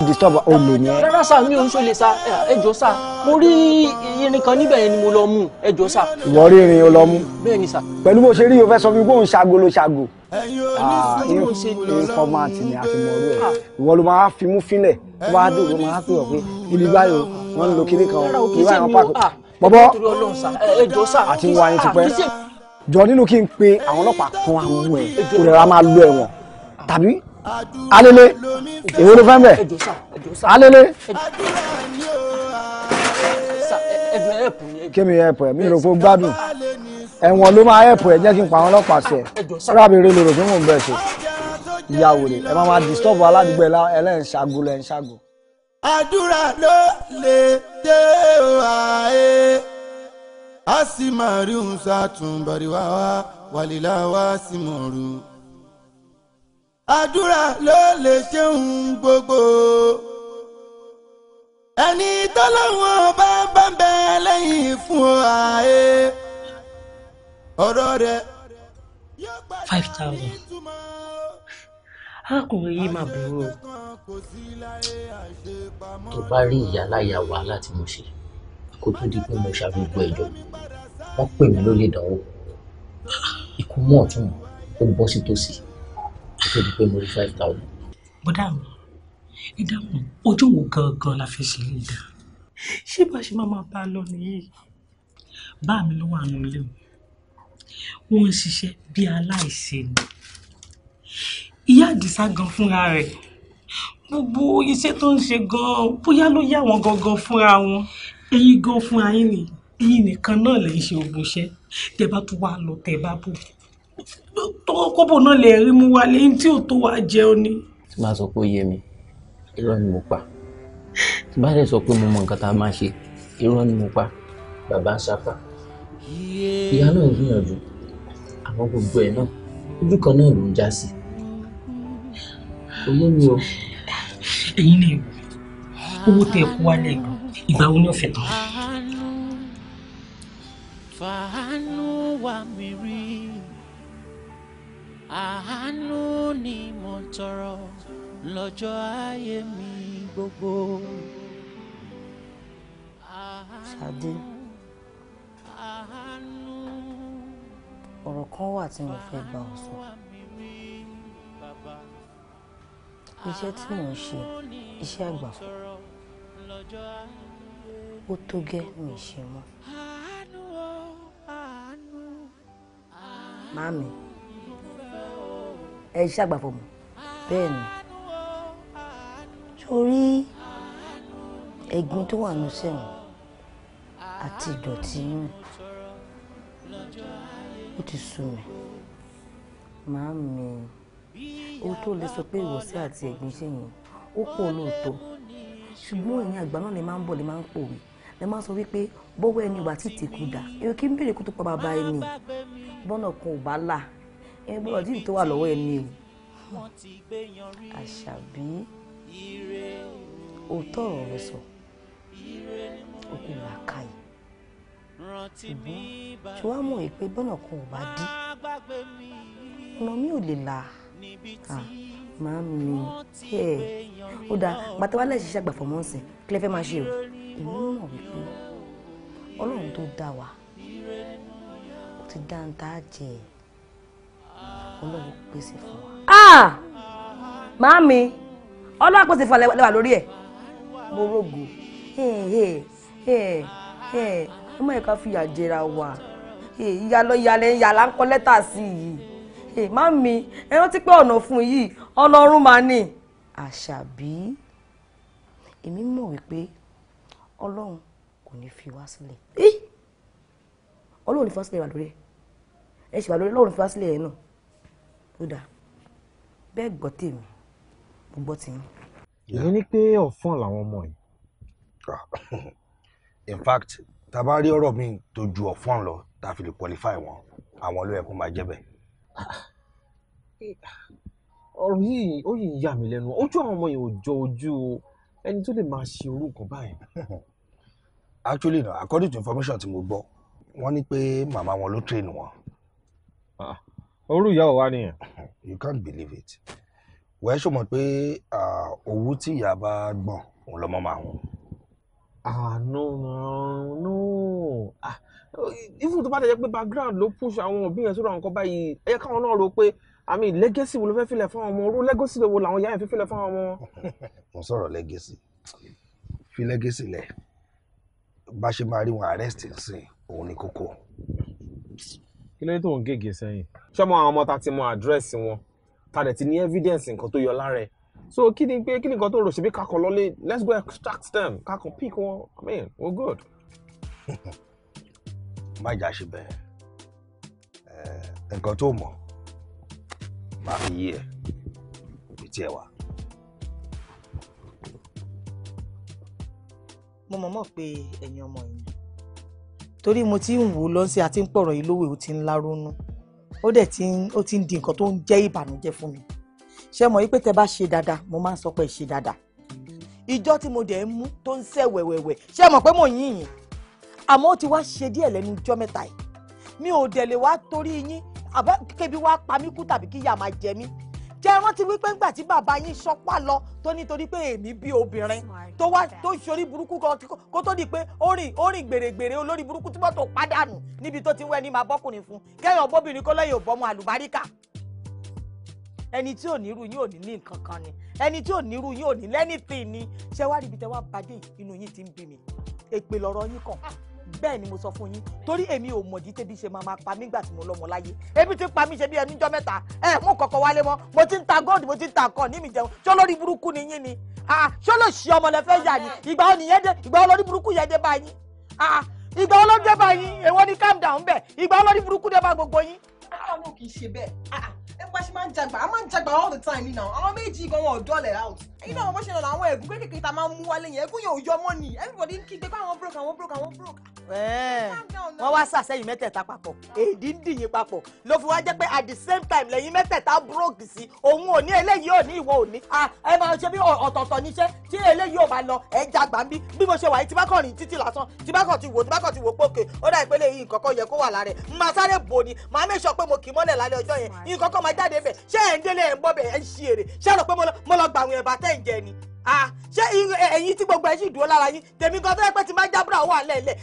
disturb olè ni ẹ. rárá sá mi ò ń ṣọlẹ sá ẹjọ sá mo rí irin kan níbẹ̀ yẹn ni mo lọ mú ẹjọ sá. ìwọ rí irin o lọ mú. bẹ́ẹ̀ ni sá. pẹ̀lú bó ṣe rí o fẹ́ sọ fún mi kó n ṣaago ló ṣaago. Ah, informant ni a fi mọ orí ẹ ìwọ ló máa fi mú fílẹ̀ tó bá dé òun máa pè ọ pé ibi báyìí wọn ń lo kinní kan ibi báyìí wọn pààkó. Ah, bọ́bọ́
àti wà ní tipẹ́
jọ nínú kí n pe àwọn ọlọ́pàá kan àwọn ẹ̀ kó alele èwo ló fẹ́ bẹ̀ alele. kémi ẹ̀pọ̀ ẹ̀ mi rò gbádùn ẹ̀wọ̀n ló máa ẹ̀pọ̀ ẹ̀ jẹ́ kí n pa àwọn ọlọ́pàá sí ah, ẹ̀ rábìrì lòrò fún mò ń bẹ̀ ṣe ìyá wèrè ẹ̀ máa máa disturb aládùúgbò ẹlẹ́ǹṣàgò lẹ́ǹṣàgò.
àdúrà ló lè dé wàá a sì máa rí òun sátún wa wàlílà wa sì àdúrà ló lè ṣeun gbogbo. ẹni tọ́lọ́wọ́n bá bá bẹ lẹ́yìn fún ààyè ọ̀rọ̀ rẹ̀.
five thousand
arákùnrin yìí máa burú o.
tó bá rí ìyá láyà wàhálà tí mo ṣe kó tó di pé mo ṣàgbégbó ẹjọ́ wọn pè mí lólè ìdánwò ikú mọ ọtún ó bọ́ sí tòsí débi pé mo rí five thousand.
bọ́dà mi ẹ dáhùn ojú wo gangan la fẹ́ ṣe lè dá ṣé bá ṣe máa máa bá a lọ nìyí bá mi ló wà ilé o wọ́n ń ṣiṣẹ́ bí aláìṣe ni ìyá àdìsá gan fúnra rẹ̀ gbogbo iṣẹ́ tó ń ṣe gan bóyá ló yá wọn gangan fúnra wọn ẹ̀yin gan fúnra yín ni ẹ̀yin nìkan náà lè ṣe ògùn iṣẹ́ tẹ́ bá tún wá lọ tẹ́ bá bò tọwọ́ kọ́bọ̀ náà lè rí mú wálé ní tí ò tó wá jẹun ni.
tí màá sọ pé ó yé mi irọ́ ni mo pa tí bá dẹ̀ sọ pé mo mọ nǹkan tá a máa ṣe irọ́ ni mo pa bàbá ń sapá ìyá náà ń gbìyànjú àwọn gbogbo ẹ̀ náà ojú kan náà ló ń já sí òye mi o.
ẹ̀yin lè
wò owó tẹ kó wálé ìgbà wo ni ó fẹ́ tán.
fàánú wa mi rí àánú ni mo tọrọ lọ́jọ́ ayé mi gbogbo. Ṣadé
ọ̀rọ̀ kan wà tí mo fẹ́ bá ọ sọ. Iṣẹ́ tí mò ń ṣe iṣẹ́ àgbàfọ̀ ó tó gẹ́ mi ṣe mọ́. Màmí ẹ ṣiṣẹ́ àgbà fọmọ bẹ́ẹ̀ ni sórí ẹ̀gbin tó wà ní sẹ́wọ̀n àti ìdọ̀tí yín ó ti sú mi màá mi ó tó lè sọ pé ìwọ̀sí àti ẹ̀gbin ṣẹ̀yìn ó pọ̀ lóòótọ́ ṣùgbọ́n ẹ̀yin àgbà náà lè máa ń bọ̀ lè máa ń pòwe lè máa sọ wípé bọ́wọ́ ẹni wà títí kú dà èrò kí n bèrè kó tó pa bàbá ẹni bọ́nà kan ò bá là ẹ gbọ́dọ̀ dín tó wà lọ́wọ́ ẹ ní o àṣàbí òótọ́ ọ̀rọ̀ sọ òkú làákàyè
ṣùgbọ́n ṣé wàá mọ̀ pé
bọ́nà kan ò bá dí ọ̀nà mi ò lè là á mi ni ẹ ó dáa bàtà wàhálà ìṣiṣẹ́ àgbà fọmọ́ ọ̀sìn kílẹ̀ fẹ́ máa ṣe o èmi mọ̀ wípé ọlọ́run tó dá wa ó ti dá ń tá a jẹ ẹ́ ọlọ́run pèsè fún wa. ah màámi ọlọ́run pèsè fún wa lẹ́wà lórí ẹ̀ mo rògò ẹ má yẹ ká fìyà jẹra wa ìyá lọ ìyàlẹ̀ ìyàlá ń kọ lẹ́tà sí i màámi ẹ rántí pé ọ̀nà fún yìí ọ̀nà ọ̀run máa ní. àṣàbí èmi mọ̀ wípé ọlọ́run kò ní fi wá sílẹ̀ ọlọ́run ní fi wá sílẹ̀ wà lórí ẹ̀ ẹ ṣì wà lórí ọlọ́run fi wá sílẹ̀ yẹn náà ó dà bẹ́ẹ̀ gbọ́ tèmi mo gbọ́ tiyín.
èyí ni pé ọ̀fọ́n làwọn
ọmọ yìí. Ah,
in fact tá a bá rí ọ̀rọ̀ mi
tó ju ọ̀fọ́n lọ tá fi lè qualify wọn àwọn ló yẹ kó máa jẹ́ bẹ́ẹ̀. ọ̀rọ̀ yìí ó yìí ń yà mí lẹ́nu ojú àwọn ọmọ yìí ò jọ ojú ẹni tó lè máa ṣe orú báyìí. actually na according to information tí mo gbọ́ wọ́n ní pé màmá wọn ló train wọn orú ìyàwó wa nìyẹn. you can't believe it wẹ́ẹ́ ṣó mọ̀ pé owó tí ìyá bá gbọ̀n òun lọ́mọ máa hùn. ah no no no even tó bá dẹ̀ jẹ́ pé background ló push àwọn òbí yẹn sórí àwọn nǹkan báyìí ẹ̀yẹ káwọn náà rò pé àmì legacy wo ló fẹ́ filẹ̀ fáwọn ọmọ orú legacy wo làwọn ìyá yẹn fi filẹ̀ fáwọn ọmọ. mo sọ̀rọ̀ legacy fi legacy lẹ̀ bá ṣe máa rí wọn arrest sí òun ni kókó kí ló dé tó ń gègé sẹ́yìn. ṣọmọ àwọn ọmọ ta ti mọ àdírẹ́sì wọn ta ti ní evidence nǹkan tó yọ lára so kí ni pé kí ni nǹkan tó rò ṣe kakọ lọlé let's go extract them kakọ pick wọn i mean we good. [laughs] má jà ṣe bẹ́ẹ̀ nǹkan tó mọ̀ máa fi
yí ẹ̀ bí tiẹ̀ wà. mo mọ̀ mọ̀ pé ẹ̀yin ọmọ yìí torí mo ti ń wò ó lọ́sí àti ń pọ̀rọ̀ yìí lówó ó ti ń láronú ó dẹ̀ ti ń ó ti ń di nǹkan tó ń jẹ́ ìbànújẹ́ fún mi ṣé mọ̀ wípé tẹ bá ṣe dáadáa mo máa ń sọ pé ṣe dáadáa ìjọ tí mo dẹ̀ ń mú tó ń sẹ̀ wẹ̀wẹ̀wẹ̀ ṣé mọ̀ pé mò ń yìnyín àmọ́ ó ti wá ṣe díẹ̀ lẹ́nu ijọ́ mẹ́ta yìí mi ò dẹ̀ lè wá torí yín àbá kébi wá pa mí kú tàbí kíyà máa jẹ mí jẹ́ rántí wípé ńgbà tí bàbá yín ṣọpá lọ tó nítorí pé èmi bí obìnrin tó wá tó ṣorí burúkú kan kó tó di pé ó rìn ó rìn gbèrègbèrè olórí burúkú tí mọ́tò pàdánù níbi tó ti ń wẹ́ ní máa bọ́kùnrin fún kẹ́yìn ọ̀bọ́bìnrin kó lẹ́yìn òbọ́mọ àlùbáríkà ẹni tí ò ní irú yín ò ní ní nǹkan kan ni ẹni tí ò ní irú yín ò ní lẹ́nìtì ni ṣé wá ríbi tẹ́ wá inú yín ti ń bí mi èpè lọ́rọ̀ yín kàn bẹ́ẹ̀ ni mo sọ fún yín torí èmi ò mọ̀dí tẹ́bí ṣe máa máa pa mí gbà tí mo lọ́mọ láyé ebi ti pa mí ṣe bí ẹni jọ́ mẹ́ta ẹ mú kọ̀kọ̀ wálé mọ́ mo ti ń ta gold mo ti ń ta nǹkan ní mi jẹun ṣé olórí burúkú ni yín ni ṣé lè ṣe ọmọ lẹ́fẹ́ yà ni ìgbà wo nìyẹn dé ìgbà wo lórí burúkú yẹn dé bá yín ìgbà wo ló dé bá yín èwo ni calm down bẹ́ẹ̀ ìgbà wo lórí burúkú dé bá gbogbo yín. ọlọ́run kì í ṣe bẹ́ẹ̀ nípa ṣe máa ń jagba a máa ń jagba all the time nínú àwọn méjì gan wọn ò dọ́lẹ̀ out ẹ̀yin náà wọ́n ṣe lọ́nà àwọn ẹ̀gún kékeré tá a máa ń mú wálé yẹn ẹ̀gún yẹn ò yọ mọ́ ni everybody ń kígbe pé àwọn broke àwọn broke àwọn broke. Eh, wọ́n wá sàṣẹ́yìn mẹ́tẹ̀ẹ̀ta papọ̀ èdè ń dìyìn papọ̀ ló fi wá jẹ́ pé at the same time lẹ́yìn mẹ́tẹ̀ẹ̀ta broke sí òun ò ní eléyìí ò ní ìwọ ò ní ah, ẹ máa ṣe bí ọ̀tọ̀ọ̀tọ̀ níṣẹ́ tí eléyìí ò bá lọ ẹ jagba bí bí mo ṣe wà yìí tí bá kàn rìn títì lásán tí bá kàn ti wò tí bá kàn ti wò pókè ó dà ìpele yìí nǹkan kan yẹ kó wà lára ẹ jáde bẹ̀ ṣé ẹ̀ ń délé ẹ̀ ń bọ́ bẹ̀ ẹ̀ ń ṣe èrè ṣé ẹ rò pé mo lọ gbà àwọn ẹ̀bà tẹ̀ ń jẹ ni ṣé ẹ̀yin tí gbogbo ẹ̀ sì dúró lára yín tèmi gan tó yẹ pé ti máa jábúrà wà lẹ́lẹ̀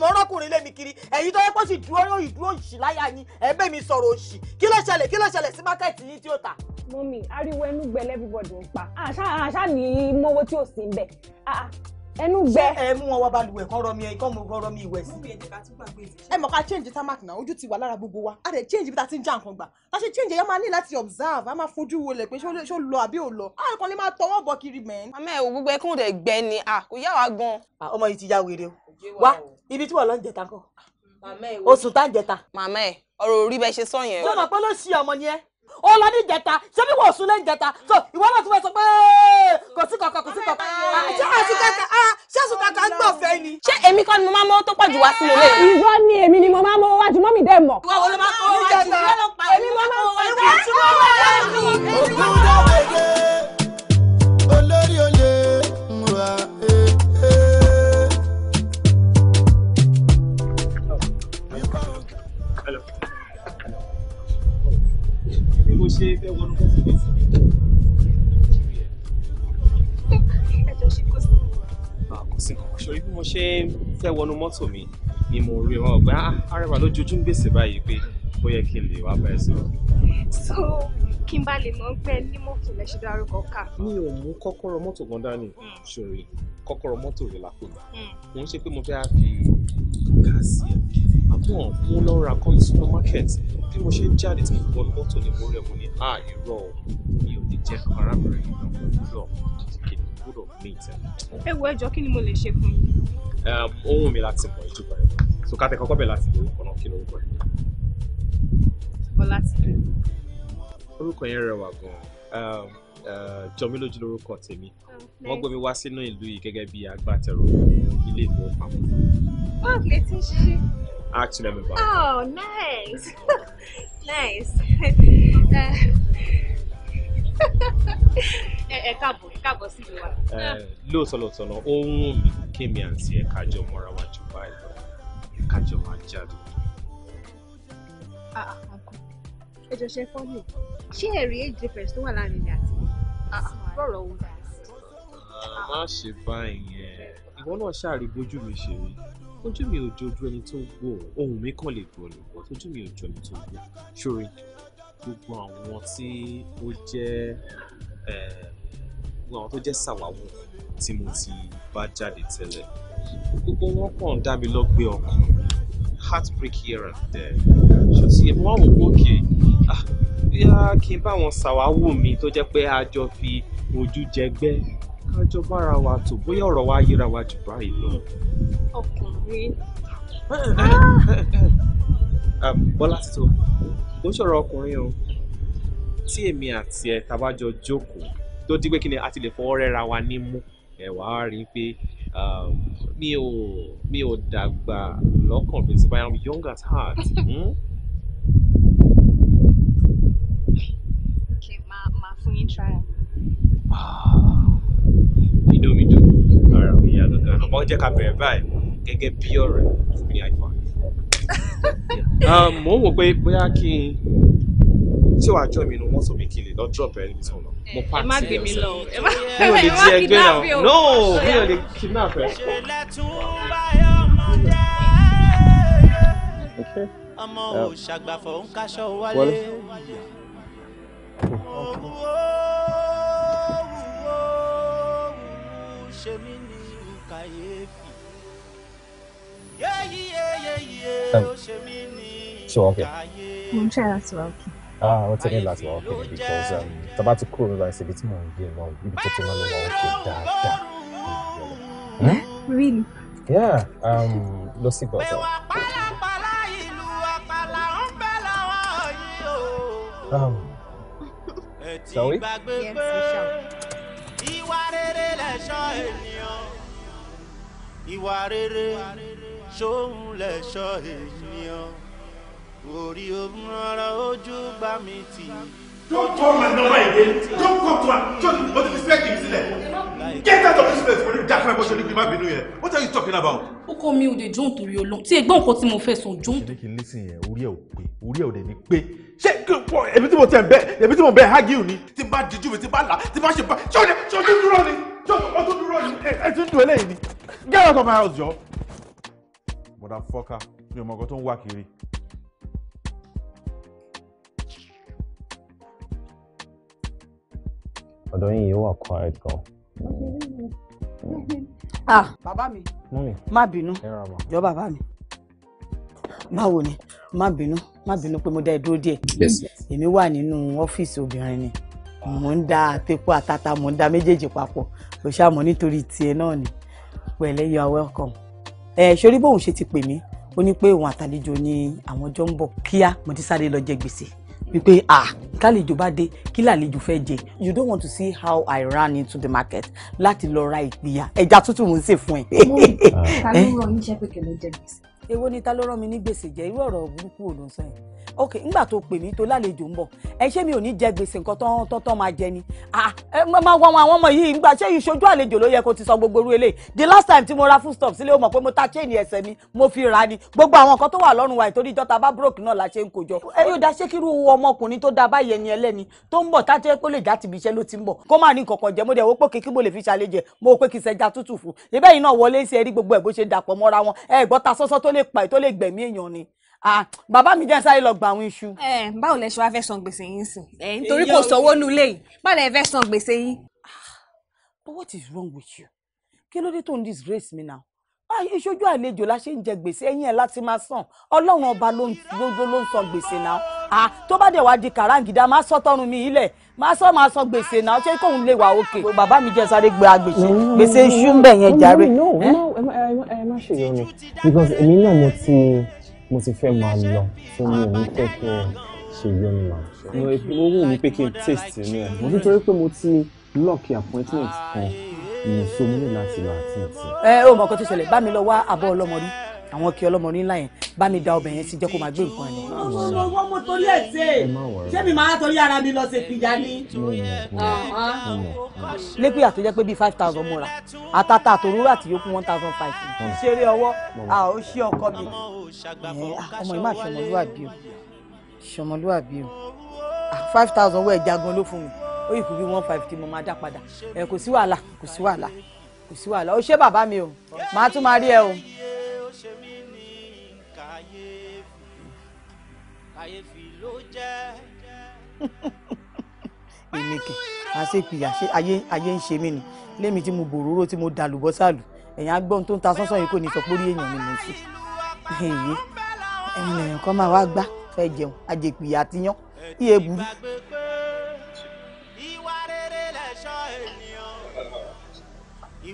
mo rọ́kùnrin lémi kiri ẹ̀yin tó yẹ pé sì dúró yóò dúró òṣì láyà yín ẹ̀ bẹ́ẹ̀ mi sọ̀rọ̀ òṣì kí ló ṣẹlẹ̀ kí ló ṣẹlẹ̀ sí mákẹ́ẹ̀tì yín tí ó ta. mọ́mì ariwo ẹnu gbẹlẹ́ everybody ń pa àṣà àṣà ni mọ́wọ́ tí ò sí ń bẹ̀ ẹnu gbẹ. ṣé ẹ mú wọn wá balùwẹ̀ kán rọ mi ẹ kán mo kán rọ mi ìwẹ̀ sí. ẹ mọ̀ ká change tamak náà ojú ti wà lára gbogbo wa a dẹ̀ change bí ta ti ń já nǹkan gbà ta ṣe change yẹn máa ní láti observe a máa fojú wo lẹ̀ pé ṣó lọ àbí ò lọ a kàn lè máa tọwọ́ bọ kiri mẹ́n. àmọ́ ẹ̀ òwú gbẹ kún rẹ̀ ni à kò yá wa gan. ọmọ yìí ti ya wèrè o wá ibi tí wọ́n lọ ń jẹta kọ́ oṣù tá ń jẹta. màmá ẹ ọ̀rọ̀ orí bẹ ṣe sọ yẹn ó lọ ní ìjẹta ṣé bí wọ́n sún lé ìjẹta so ìwọ náà tún fẹ́ sọ pé kò sí kankan kò sí kankan. Ah, ṣé àṣù kankan ah, ṣé àṣù kankan gbọ̀ fẹ́ ni. ṣé èmi kọ́ ni mo máa ń mọ́ tó pọ̀ jù wá sí ilé. Ah, ìwọ ni èmi ni mo máa ń mọ́ wájú mọ́mì dẹ́ mọ̀. ìwọ wo ló máa ń kọ́ wájú ìwọ ló pa èmi mo máa ń kọ́
wájú.
ṣe fẹ́ wọnú fún mi nísìnyí. bí mo ṣe fẹ́ wọnú mọ́tò mi ni mo rí wọn ah, arẹwà lójoojúmọ́ gbèsè báyìí pé ó yẹ kí n lè wá bá ẹ
so
kí n bá lè mọ̀ pé nímọ̀kì lẹ ṣe dárúkọ ká.
mi ò mú kọ́kọ́rọ́ mọ́tò kan dání ṣòro kọ́kọ́rọ́ mọ́tò rẹ̀ lápò mi mo ń ṣe pé mo fẹ́ fi gáàsì ẹ̀ àmọ́ mo lọ ra kọ́ni supermarket bí mo ṣe ń jáde tí mo wọnú mọ́tò ní mo rẹ̀ mo ní à ah, irọ́ mi ò lè jẹ́ arábìnrin náà mo gbúdọ̀ kí ni gbúdọ̀ mí ìtẹ́.
ẹ wo ẹjọ́ kí ni mo lè ṣe fún yín.
ohun mi láti mọ ìjọba ẹ̀ so ká tẹ kọ́kọ́ bẹ̀ láti lórúkọ náà kí lórúkọ ẹ̀.
Bọ́látìmí. orúkọ
yẹn rẹwà gan-an um, uh, jọmí lójú lórúkọ tèmi ah, wọ́n gbé mi wá sínú ìlú yìí gẹ́gẹ́ bí agbátẹrù ilé ìfowópamọ́.
báwo lè ti ṣe.
actually i'm about.
oh nice [laughs] nice. ẹ eh, eh, káàbọ̀ ẹ káàbọ̀ sí mi wá. Eh,
lóòótọ́ lóòótọ́ náà ó ń kémi àǹtí ẹ̀ kájọ mọ́ra wájú báyìí kájọ máa jáde.
Ah, ah, ẹjọ ṣe fọ́ mi ṣé ẹ̀rí age difference tó wà láàrin mi àti rọ̀rọ̀ wọn. Ah, ah,
ah, má ṣe bá ìyẹn
ìwọ náà ṣàrí bójú mi ṣe rí ojú mi ò jọ ojú ẹni tó gbó ohun mi kàn lè gbọ́ lè ojú mi ò jọ ẹni tó gbó ṣòro gbogbo àwọn tí ó jẹ́ gbogbo àwọn tó jẹ́ sàwáwò tí mo ti bá jáde tẹ́lẹ̀ gbogbo wọn kàn dá mi lọ́gbẹ́ ọkàn heartbreak here and there ṣòtí ẹ̀ wọ́n wò ó kè é. Ah, bóyá kí n bá wọn ṣàwáwò mi tó jẹ́ pé a jọ fi ojú jẹgbẹ́ ká jọ bára wa tó bóyá ọ̀rọ̀ wa yíra wa jù báyìí lọ.
ọkùnrin.
Ah, bọ́lá tó ó ṣọ̀rọ̀ ọkùnrin o tí èmi àti ẹ̀ tá bá jọ jókòó tó di pé kí ni a ti lè fọwọ́ rẹ́ra wa ní mú ẹ̀ wá rí i pé ah, mi ò mi ò dàgbà lọ́kàn mi ti bá yàn
young at heart.
Mm? try.
inú mi dùn
ara mi yá gangan àmọ́ jẹ́ ká bẹ̀rẹ̀ báyìí gẹ́gẹ́ bí ọ̀rẹ́ fún mi àìfà. [laughs] Um, mo ń wò pé bóyá kí n tí wàá jọ mi nu wọ́n sọ pé
kí n lè lọ drop ẹni tí mo lọ eh, mo pa ti ẹ sẹ mi ò lè ti [laughs] ẹgbẹ́ náà no mi ò lè kidnap ẹ. ọmọ òṣàgbàfọ̀ ń kaṣọ wálé. Siwọ́kẹ́. Mo ń ṣàyà Siwọ́kẹ́. Ah, wọ́n ti ní láti wọ́n kéde
because um, tàbá ti kúrò lọ́la ìṣèlú tí mò ń gbé náà ibi tó ti máa lọ wọ́n kó dáadáa.
Really?
Yeah, um, lọ sí bọ̀dọ̀.
Um, Shall we? Yes, we shall. Ìwà rere lẹ̀ṣọ́ ènìyàn. Orí ogun ọ̀rọ̀ ojú gbà mí tì. Don't call my number again.
Don't come to am. Just what is like this there? Get out of this place when you dark my body grima binu here. What are you talking about?
Ó kọ́ mi ò dé jóun torí olóhùn. Tí ẹgbọ́n nǹkan tí mo fẹ́ sọ
jóun. Ṣé kí n lísìn yẹn orí ẹ̀ ò pé orí ẹ̀ ò dẹ̀ ní pé ṣé ẹbí tí mo tẹ̀ bẹ́ẹ̀ ẹbí tí mo bẹ́ẹ̀ hági òní tí bá dijú mi tí bá là tí bá ṣe bá ṣé o tún dúró ni ṣé o dúró ni ẹ ti ń dùn eléyìí ni get out of my house jọ. bọ̀dà fọ́ká mi ò mọ nǹkan tó ń wá kiri.
ọ̀dọ̀ yín yìí wà quiet gan.
ah bàbá mi má bínú jọ bàbá mi báwo ni má bínú má bínú pé mo dá ẹ dúró díẹ̀ èmi wà nínú ọ́fíìsì obìnrin ni mò ń da àtẹkù àtàtà mò ń da méjèèjì papọ̀ kò ṣàmọ́ nítorí tiẹ̀ náà ni pẹ̀lẹ́ you are welcome ẹ ṣorí bóun ṣe ti pè mí ó ní pé òun àtàlejò ni àwọn jọ ń bọ̀ kíá mo ti sáré lọ jẹ gbèsè wípé ah kálejò bá dé kí làlejò fẹ́ jẹ you don't want to see how I ran into the market láti lọ ra ìpìyà ẹja tútù mo ń sè fún ẹ. mọ́mí [laughs] ta ló rọ yín pé kẹlẹ́ jẹ gbèsè. Ewo ni ta ló rán mi ní gbèsè jẹ irú ọ̀rọ̀ burúkú ò ló ń sọ yẹn ok ńgbà tó pè mí tó lálejò ń bọ̀ ẹ ṣé mi ò ní jẹ gbèsè nǹkan tán tán tán máa jẹ ni ẹ máa wọ àwọn ọmọ yìí ńgbà ṣé ìṣojú àlejò ló yẹ kó ti sọ gbogbo irú eléyìí the last time tí mo ra food stuff sílé ó mọ̀ pé mo ta chain ẹsẹ̀ mi mo fi rà á ni gbogbo àwọn nǹkan tó wà lọ́rùn wa ìtorí ìjọta bá broke náà la ṣe ń kojọ ẹ yóò da ṣé kírú ọmọkùnrin tó da báyẹn ni ẹlẹ́ni tó ń bọ̀ tájẹ́ pé lè já tìbí iṣẹ́ ló ti ń bọ̀ kó má ní kọ̀kọ̀ jẹ mo dẹ̀ wó pé kíkí mo lè fi ṣàlejò mo pé kí sẹja tútù fún ibẹ̀ yìí náà wọlé sí ẹ gbogbo lè pa èyí tó lè gbẹ̀mí èèyàn ni bàbá mi jẹ́ sáré lọ gba àwọn iṣu. ẹ báwo lẹ ṣe wá fẹ́ san gbèsè yín sìn ẹ nítorí kò sanwó nu ilé yìí báwo lẹ fẹ́ san gbèsè yín. Ah, but what is wrong with you kí ló dé tó ń disgrace me now ìṣojú àlejò la ṣe ń jẹ gbèsè ẹ̀yìn ẹ̀ láti máa sàn ọlọ́run ọba ló ń sọ gbèsè náà à tó bá dẹ̀ wá di kàràǹgídá máa sọ tọrùn mi ilẹ̀ máa sọ máa sọ gbèsè náà ṣé kóun lè wà òkè. bàbá mi jẹ́ sáré gbé agbèsè gbèsè iṣu ń bẹ̀ yẹn jàre.
because èmi náà mo ti mo
ti fẹ́ máa lọ fún mi ò ní fẹ́ kí n ṣe yọnu mà. mo
wù mí pé kí n taste inú ẹ̀ nítorí pé mo ti lọ́ọ̀kì appointment kan ìyẹn so mo ní láti lọ àti ìtì.
ẹ ó mọ nǹkan tó ṣẹlẹ̀ bá mi lọ wá àbọ̀ ọlọ́mọ rí àwọn kí ọlọ́mọ rí ńlá yẹn bá mi da ọbẹ̀ yẹn sí jẹ́ kó máa gbé nǹkan ẹ̀. ọwọ́ mo torí ẹ̀ ṣe ṣé mi máa torí ara mi lọ ṣe fìyà ni. lépìyà tó jẹ́ pé bíi five thousand mo rà àtàtà àtòrúurú àti yòókù one thousand five. ṣeré ọwọ́ a ò ṣí ọkọ mi. ọmọ yìí máa ṣọmọlúwàbí o ṣọmọlúwàbí o five thousand wọ ẹ̀ jagun ló fún mi ó yìí kú bí one five tí mo máa dá padà ẹ kò sí wàhálà kò sí wàhálà kò sí wàhálà ó ṣé bàbá mi o màá tún máa rí ẹ o. [laughs] èmi kì á ayé ń ṣe mí ni lémi tí mo bòróró tí mo dàlùbọ́sàlù èèyàn agbọ́n tó ń ta sánsán yìí kò ní sọ pé èèyàn mi mò ń sùn èyí ẹ̀yìn kan máa wá gbá fẹ́ jẹun àjèpìyà àtiyán iye burú.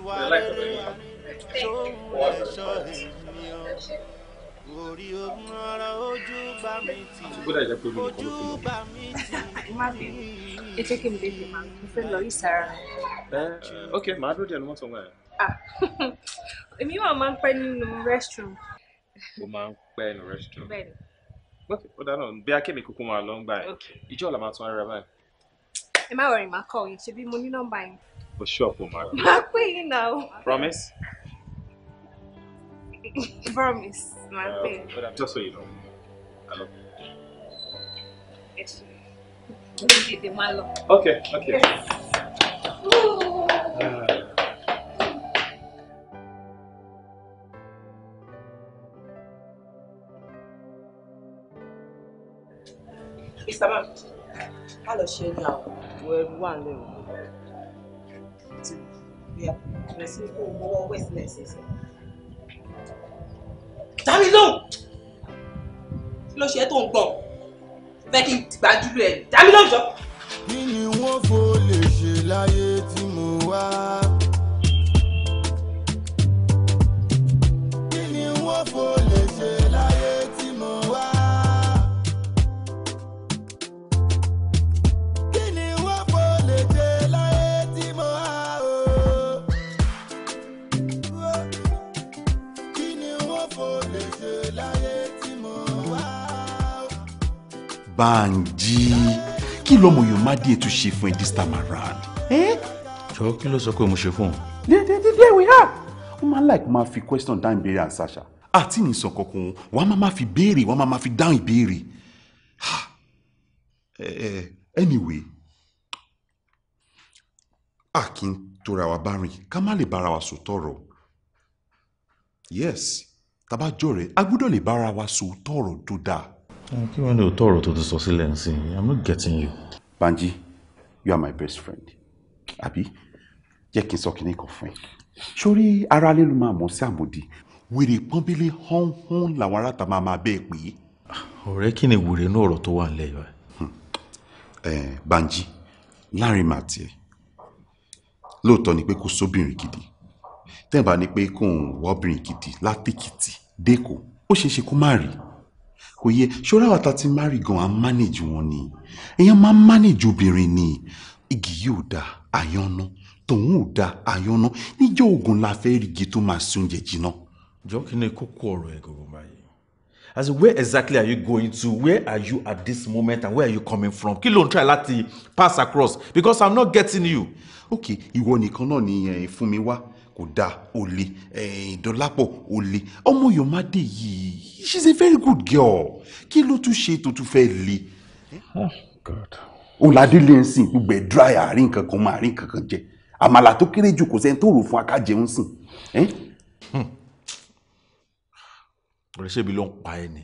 ìwà rere tó ń lẹ́sọ̀ ènìyàn orí ogun ara ojú bá mi tì ojú bá mi tì. [laughs] ẹ jẹ́ kí n bèbè màá mo fẹ́ lọ yìí sára.
ok màá dúró díẹ̀ ní mọ́tò wọn. Ah,
[laughs] èmi wà máa ń pẹ́ nínú restroom.
o máa ń pẹ́ nínú restroom. bẹ́ẹ̀ni. ó dáná bí akémi kúkú máa lọ ń gbà ẹ ìjọ́ ọ̀la máa tún ara báyìí.
ẹ má wọrin màá kọ òyìn ṣe bí mo ní nọ́mbà yẹn.
For sure, Puma. [laughs]
you know. Promise? [laughs] Promise, my uh, queen.
Just so you know, I love
you. Okay, okay. Uh.
Mr. Man, how does she We're one little. bóyá bẹ̀rẹ̀ sí ní kó o mọ́wọ́ ọwọ́ ìsìnlẹ̀ ìsinsìn. dá mi lóhùn kí tó ń gbọ̀n fẹ́ kí n gbájú rẹ̀ dá mi lóhùn
kí ni wọ́n fò lè ṣe láyé tí mo wá.
Banji kí lọmọ yóò má díẹ̀ tún ṣe fún ẹ this time around. jọ eh? kí ló sọ pé mo ṣe fún un. there we are ó máa like máa fi question down ìbéèrè and sasha àti ní ìsàn kankan wàá máa máa fi béèrè wàá máa máa fi down ìbéèrè. Eh, eh, anyway a kì í tóra wa bá rìn ká má lè bára wa sòótọ́ ọ̀rọ̀ yes tá a bá jọ̀rẹ́ a gbọ́dọ̀ lè bára wa sòótọ́ ọ̀rọ̀ tó dáa. Eh, kí wọ́n ní òótọ́ ọ̀rọ̀ tó ti sọ sílẹ̀ ń sìn i'm not getting you. Banji you are my best friend àbí jẹ́ kí n sọ kìnnìkan fún ẹ sórí ara lílu máa mọ̀ sí àmòdì wèrè pọ́nbélé hánhán làwọn ará ta máa máa bẹ́ẹ̀ pè é. ọ̀rẹ́ kí ni wèrè inú ọ̀rọ̀ tó wà ń lẹ́yọ̀ ẹ̀. Banji láàrin màá tiẹ̀ lóòótọ́ ni pé kó sóbìnrin gidi tẹ́ẹ̀ bá ní pé kóun wọ́bìnrin gidi látìkìtì dẹ́kọ̀ ó ṣeé ṣe kó má rí kò yẹ ṣọ́ra àwọn tá ti marry gan à manage wọn ni èèyàn máa manage obìnrin ni igi yóò da àyànná tòun ò da àyànná níjọ́ oògùn la fẹ́ rí igi tó máa sun oúnjẹ jìnnà.
jọ́ kí ni kókó ọ̀rọ̀ ẹ̀ gbogbo báyìí as in where exactly are you going to where are you at this moment and where are you coming from kí ló ń try láti pass
across because i'm not getting you. okay ìwọ nìkan náà ni eh, fún mi wá Kódà olè eh, Dọlápọ̀ olè ọmọ Yomade yìí she's a very good girl kí ló tún ṣe tó tún fẹ́ le. Oládélé oh, ń sìn gbogbo ẹ̀ dry àárín nǹkan kan máa àárín nǹkan kan jẹ àmàlà tó kéré jù kò sẹ́ni tó rò fún akájẹ ń sìn. Eh?
Hmm. Ọ̀rẹ́ṣẹ́bi ló ń pa ẹ́ ni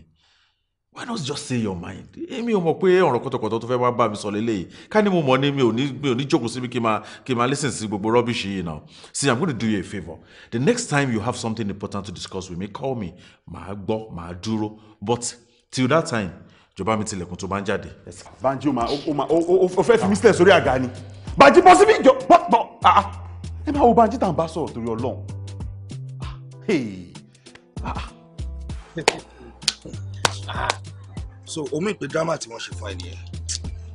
why not just say your mind èmi ò mọ̀ pé ọ̀rọ̀ kọ́tọ̀kọ́tọ̀ tó fẹ́ wá bá mi sọ lélẹ́yìí ká ní mo mọ̀ ní mi ò ní mi ò ní jókòó síbi kí n máa kí n máa listen sí gbogbo rubbish yìí now see i'm gonna do you a favour the next time you have something important to discuss with me call me màá gbọ́ màá dúró but till that time jọba mi tilẹ̀kùn tó bá ń jáde.
banji o ma o ma o fẹ́ fi mí sílẹ̀ sórí àga ni banji bọ́ síbí jọ bọ́ bọ́ ah, ah ẹ máa wo banji tá à ń bá sọ̀rọ̀ torí ọlọ́run ah hey ah. ah.
Ah. so omi ìpè drama tí wọ́n ṣe fún ẹ nìyẹn.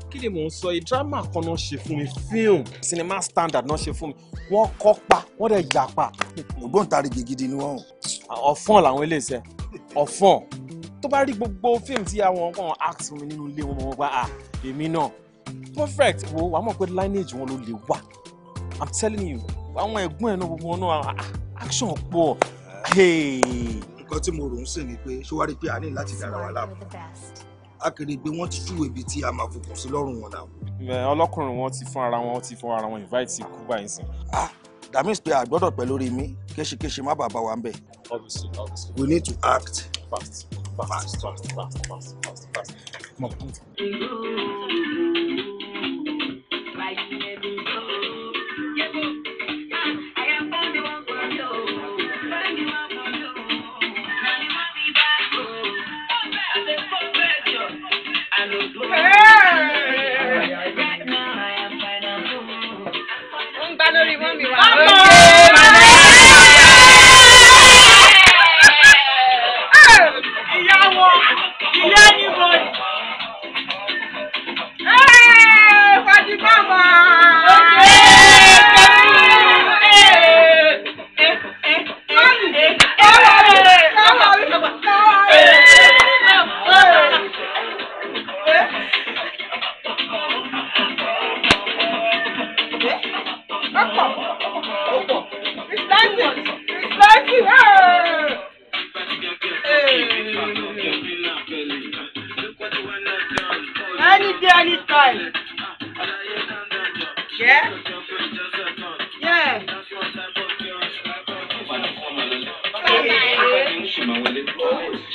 kí ni mò ń sọ yìí drama kan náà ṣe fún mi film cinema standard náà ṣe fún mi wọ́n kọ́ pa wọ́n dẹ̀ yà pa. ògbóǹtarìgì gidi ni wọ́n. Ah, ọ̀fọ́n làwọn iléeṣẹ́ ọ̀fọ́n tó bá rí gbogbo fíìmù tí àwọn ọkàn act mi nínú ilé wọn wọn gba à èmi náà perfect wo wàá mọ̀ pé lineage wọn ló lè wà i'm telling you àwọn ẹ̀gbọ́n ẹ̀ náà gbogbo wọn náà ah, action pọ̀. Hey nǹkan tí mo rò ń ni pé ṣé wàá rí i pé a ní láti dára wa láàmú akèrègbè wọn ti júwèé ibi tí a máa fòkùn sí lọ́rùn wọn náà. ọlọ́kùnrin wọn ti fún ara wọn ti fún ara wọn invite ikú báyìí sìn. ah that means pé a gbọ́dọ̀ pẹ́ lórí mi kéṣekéṣe má bàbá wa ń bẹ̀. we need to act fast fast fast
fast fast fast fast. Come on, come
on.
ń gbá lórí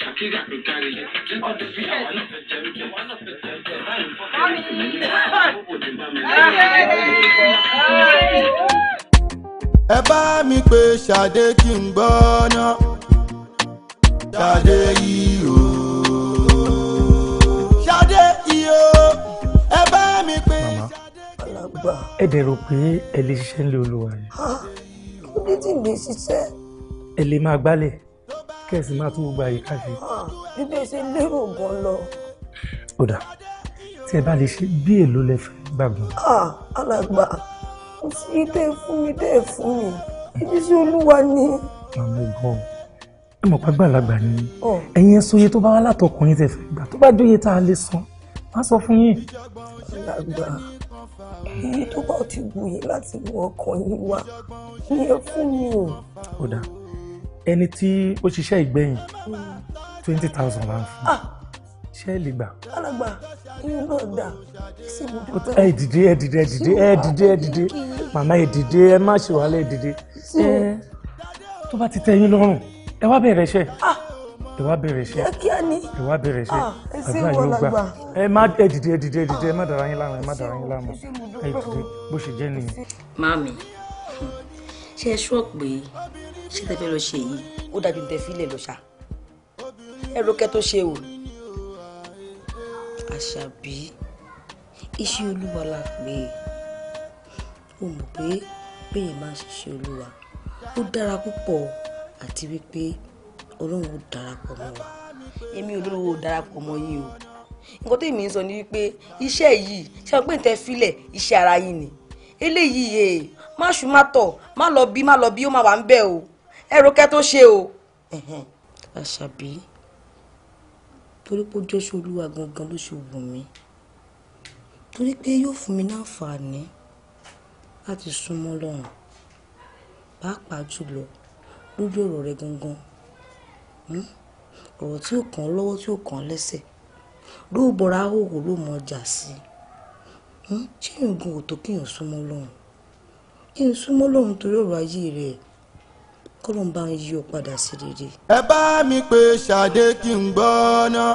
ṣàkíyà mi lẹ́yìn.
ẹ bá mi pè ṣàdé kí n gbọ́ ná ṣàdé yìí o. ṣàdé yìí o ẹ bá mi pè ṣàdé kí n gbọ́.
ẹ dẹ̀ rò pé ẹ lè ṣiṣẹ́ ńlẹ̀ olúwa rẹ̀.
kí ló dé tí ìgbésí
sẹ́.
ẹ lè máa gbálẹ̀ kẹ́sì máa tún gbogbo àyíká ṣe. Ah,
bí bẹ́ẹ̀ ṣe lérò gan lọ.
ó dà tí ẹ bá lè ṣe bí èlò lẹ fẹ́ gbàgbọ́.
Ah, alàgbà kò sí ìtẹ́ fún mi tẹ́ fún mi ibi sí olúwa ni.
màmá ìbọn o ẹ mọ̀ pé àgbàlagbà ni oh. ẹ̀yin ẹ̀sùn iye tó bá wá látọkùnrin tẹ̀ fẹ́ gbà tó bá dóye tá a lè san má sọ fún yín.
alàgbà
iye tó bá ti wù yín láti wọ ọkàn yín wá ni ẹ fún mi o.
ó dà ẹni tí ó ṣiṣẹ́ ìgbẹ̀yìn hmm. twenty thousand la ń fún ah! ṣé ẹ lè gbà.
alàgbà inú náà dà sí ibùdó tẹ́lẹ̀. ẹ dìde ẹ dìde ẹ dìde ẹ dìde ẹ dìde
màmá ẹ dìde ẹ má ṣe wàhálà ẹ dìde. tó bá ti tẹ́ yín lọ́rùn ẹ wá bẹ̀rẹ̀ iṣẹ́ ah! ẹ wá bẹ̀rẹ̀ iṣẹ́ ẹ wá bẹ̀rẹ̀ iṣẹ́ ah, àdúrà yóò gbà ẹ má ẹ dìde ẹ dìde ẹ dìde ẹ má dara yín láàmú ẹ má dara yín láàmú ẹ dìde bó ṣe jẹ́ nìyẹn.
màmí ṣe é ṣọ́ọ̀pù yìí ṣé tẹ fẹ́ lọ ṣe yìí ó dájú tẹ fílẹ̀ lọ ṣá ẹrù kẹ tó ṣe o àṣàbí iṣẹ́ olúwa la pè é o mọ̀ pé bẹ́ẹ̀ máa ń ṣiṣẹ́ olúwa ó dára púpọ̀ àti wípé ọlọ́run ó darapọ̀ mọ́ wa èmi olówó darapọ̀ mọ́ yín o nǹkan tó èmi ń sọ ni wípé iṣẹ́ yìí ṣé wọn pé ń tẹ fílẹ̀ iṣẹ́ ara yín ni eléyìí yé má ṣù má tọ̀ má lọ bí má lọ bí ó má wà ń bẹ̀ o ẹrù kẹ́ tó ṣe o. àṣàbí torí pé jọ́sọ olúwa gangan ló ṣe wù mí torí pé yóò fún mi láǹfààní láti súnmọ́ lọ́rùn pàápàá jùlọ lójú ọ̀rọ̀ rẹ gangan hmm? ọ̀rọ̀ tí ó kàn lọ́wọ́ tí ó kàn lẹ́sẹ̀ ló bọ̀ra ahòhò ló mọ ọjà sí i hmm? ṣé
nǹkan ò tó kí n súnmọ́ lọ́rùn kí n súnmọ́ lọ́rùn torí ọ̀rọ̀ ayé rẹ̀ kọ́lọ́n bá ń yí o padà sí rere.
ẹ bá mi pé ṣàdé kí n gbọ́ ná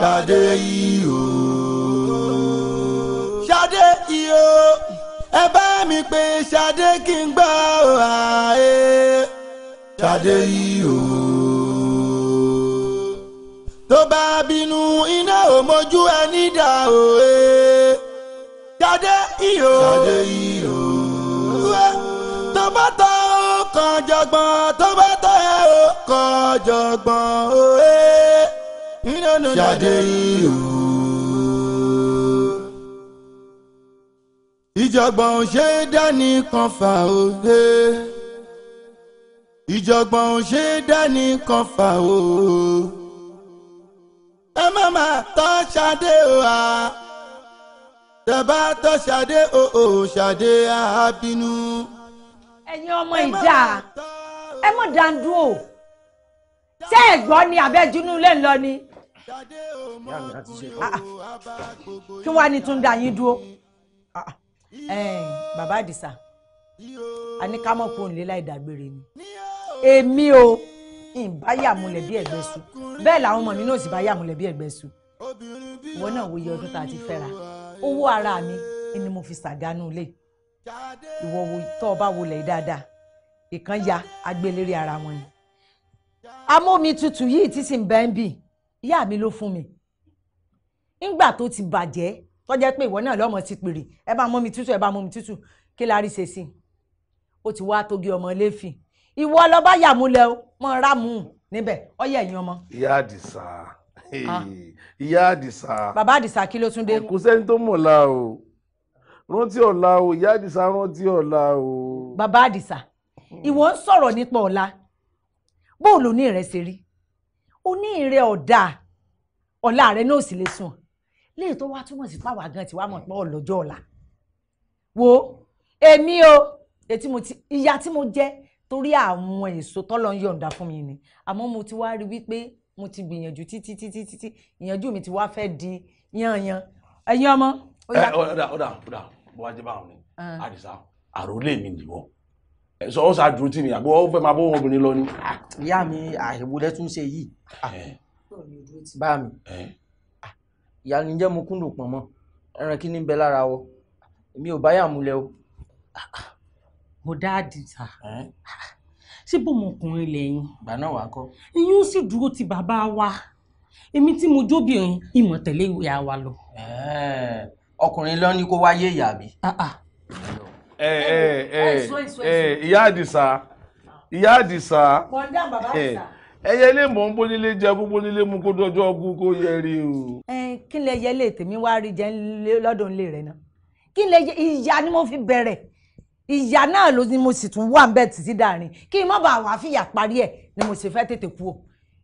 ṣàdé yìí o. ṣàdé yìí o ẹ bá mi pé ṣàdé kí n gbọ́ ààyè ṣàdé yìí o. tó bá bínú iná ò mójú ẹni dà o. E. ṣàdé yìí o. ṣàdé yìí o. tó bá tọ́ ọ̀jọ̀gbọ́n tó bá tọ́ o kọ́ ọ̀jọ̀gbọ́n o ẹ́ nínú ṣàdé yìí o. ìjọ̀gbọ́n ò ṣe é dání kan fà o ẹ́ ìjọ̀gbọ́n ò ṣe é dání kan fà o. ẹ má má tọ́ ṣàdé o a tẹ bá tọ́ ṣàdé o ò ṣàdé a bínú ẹ̀yin ọmọ ìjà ẹ mọ̀ dandu o ṣé ẹ gbọ́ ni abẹ́júnú lè lọ ni. Ah, ah.
kí wàá ní tún da yín dúró. Ah, bàbá àdìsá a ní ká mọ̀ kó òun lé láì dágbére ni èmi o ìbá yàmúlẹ̀ bí ẹ̀gbẹ́ sùn bẹ́ẹ̀ làwọn ọmọ mi náà sì bá yàmúlẹ̀ bí ẹ̀gbẹ́ sùn ìwọ náà wòye ọdún tá a ti fẹ́ra owó ara mi ni mo fi ṣàgánú lé ìwọ wo tọ́ ọ bá wọlé dáadáa ìkan ya agbélérí ara wọn ni amómi tutù yìí tí sì ń bẹ́ ń bì ìyá mi ló fún mi nígbà tó ti bàjẹ́ tó jẹ́ pé ìwọ náà lọ́mọ ti pèrè ẹ bá mọ́mi tútù ẹ bá mọ́mi tútù kí la rí ṣe sí i ó ti wá togi ọmọ lẹ́fì ìwọ lọ bá o mọ ra níbẹ̀ ọ yẹ ẹ̀yin ọmọ.
ìyá àdìsá ah. ìyá àdìsá. bàbá àdìsá kí ló tún dé. kò sẹ́ni tó mọ̀ la o rántí ọ̀la o ìyá àdìsá rántí ọ̀la o.
bàbá àdìsá ìwọ ń sọ̀rọ̀ nípa ọ̀la bóòlù ní ìrẹ́ ṣe rí o ní ìrẹ́ ọ̀dà ọ̀la rẹ náà sì lè sùn léè tó wá túmọ̀ sí pàwọ́ àgàn tí wàá mọ̀ pé ọ̀lọ́jọ́ ọ̀la wo èmi o ètí mo ti ìyá tí mo jẹ torí àwọn èso tọ́lọ́ ń yọ̀ǹda fún mi ni àmọ́ mo ti wá rí wípé mo ti gbìyànjú títí títí títí ìyànjú mi ti wá fẹ́ di yanyan ẹ̀yin ọmọ. ọ̀dà
ọ̀dà ọ̀dà bó bá jẹ́ báwọn ni àdìsá ah. àròlé mi nìwọ sọ ó ṣáà
dúró tì mí àbí ó fẹ́ máa bó wọn obìnrin lọ ni. Ah,
ìyá mi àìwọlé ah, tún ṣe yìí bá mi ìyá ni jẹ́ mo kúndùn pọ̀ mọ́ ẹran kí ni bẹ lára
wọ èmi ò bá yà múlẹ̀ o. mo dá àdìsá ṣé bọ́mọkùnrin lẹ́yìn. ìgbà náà wàá kọ́. ìyún sì dúró ti bàbá wa èmi tí mo jóbìnrin ìmọ̀ ìyá wa lọ ọkùnrin ló ní kó wáyé ìyá mi.
Ah, ah.
eh, eh, ẹ ẹ ẹ eh, ẹ ìyá àdìsá
ìyá àdìsá ẹyẹ lè mọ ń bónílé jẹ bó bónílé mu
kó dọjọ ọgún kó yẹ rí o. ẹ kí lè yẹ lè tèmi wá rí jẹ lọ́dọ̀ nílé rẹ̀ náà kí lè yẹ ìyá ni mo fi bẹ̀rẹ̀ ìyá náà ló ni mo sì tún wà ń bẹ títí dàrin kí n má bàa wá fìyà parí ẹ̀ ni mo sì fẹ́ tètè kú o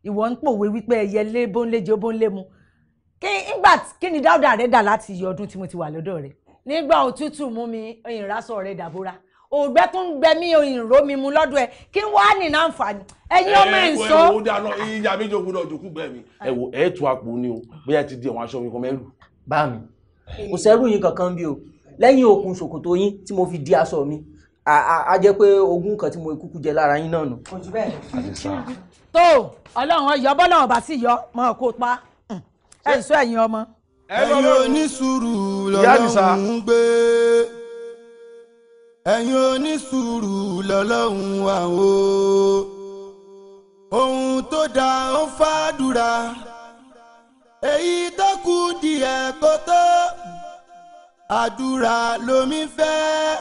ìwọ ń pòwe wípé ẹyẹ lé bóńlé jẹ bóńlé mu kí ngbà kí ni dáúdà rẹ dà láti iye ọdún tí mo ti wà lọ́dọ̀ rẹ nígbà òtútù mú mi ìrìnrasọ rẹ dàbóra ògbẹ́ tó ń gbẹ mí ìró mi mu lọ́dọ̀ ẹ kí n wá nínú àǹfààní ẹ̀yin ọmọ ẹ̀ ń sọ. ẹ wo
dáná ìyá méjì ògùn náà jòkú gbẹ mi. ẹ wo ẹ tu àpò ni o bóyá ti di àwọn aṣọ mi kan mẹ́rù. bá kò sẹ́rù yín kankan
bí o lẹ́yìn okùn ṣòkòtò yín tí mo fi di aṣọ mi a jẹ́ pé ogún kan tí mo kúkú jẹ lára yín náà nù. tó ọlọ́run ọyọ́ bọ́lọ́run bá sì yọ mọ́ ọ kó pa ẹ ń sọ ẹ̀yin ọmọ. ẹ̀yin onísùúrù lọ́lọ́run
gbé ẹ̀yin onísùúrù lọ́lọ́run wà ohun tó dáa ó fàdúrà èyí tó kù díẹ̀ kó tó àdúrà lomi fẹ́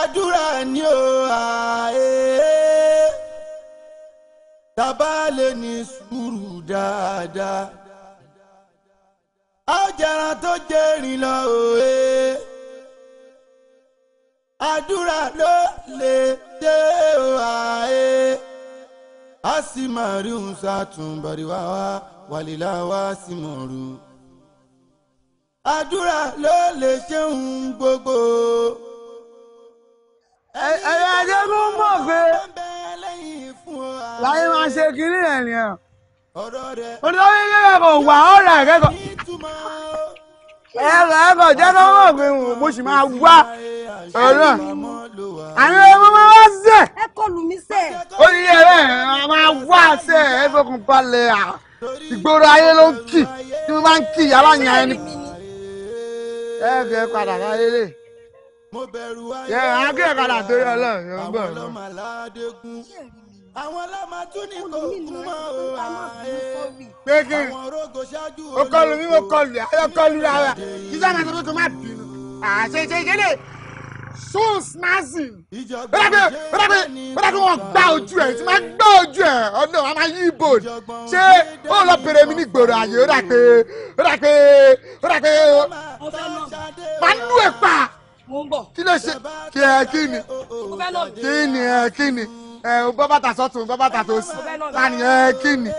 àdúrà ni ó àyè tàbá lè ní sùúrù dáadáa. ajara jẹran tó jẹrin lọ òye. àdúrà ló lè dé òhàyè. a sì máa rí òun ṣàtúnbọ̀rì wá wá wàlílà wá sí mọ̀rù. àdúrà ló lè ṣe òun gbogbo ẹ̀yẹ ẹ̀jẹ̀ kó mọ̀ pé láyé máa ṣe
kiri ẹ̀ nìyẹn olórí kẹ́kẹ́ kò wà ọ̀rẹ́ kẹ́kọ̀ọ́
ẹ̀rọ ẹ̀kọ́ jẹ́ kó mọ̀ pé mo sì máa wá ọ̀rọ̀ àwọn ọmọ máa wá sẹ̀. ẹ kọlù mi sẹ. ó ní ẹ̀rẹ́ máa wá sẹ̀ ẹ̀ fọkàn balẹ̀ à ìgboro ayé ló ń kì tí mo bá ń kì yàrá yàn ẹni. ẹ fẹ́ padà láyé lè mo bẹ̀rù ayé rẹ̀ àwọn akẹ́kọ̀ọ́ torí ọlọ́run yóò ń bọ̀. àwọn ọlọ́mọ aládégún àwọn ọlọ́mọ tún ní kò kún mọ́ o àyè àwọn rogo ṣáájú olóògùn. o kọlu mi mo kọlu ayọ kọlu ara jíjọ́ máa tọ́jú tó má bínú àṣẹ ìṣe ìkéde soul smashing bẹ́ẹ̀ni bẹ́ẹ̀ni bẹ́ẹ̀ni wọ́n gbá ojú ẹ̀ tí wọ́n gbá ojú ẹ̀ ọ̀nà àmà yí ibò ṣé ó lọ bèrè mi ní gbòòrò àyè ó dà pé ó dà pé ó dà pé màá nú ẹ̀ pa mo ń bọ̀. kí ló ṣe kí ẹ kí ni kí ni ẹ kí ni ẹ o sọ́tún bọ́ tó sí tani ẹ kí ni.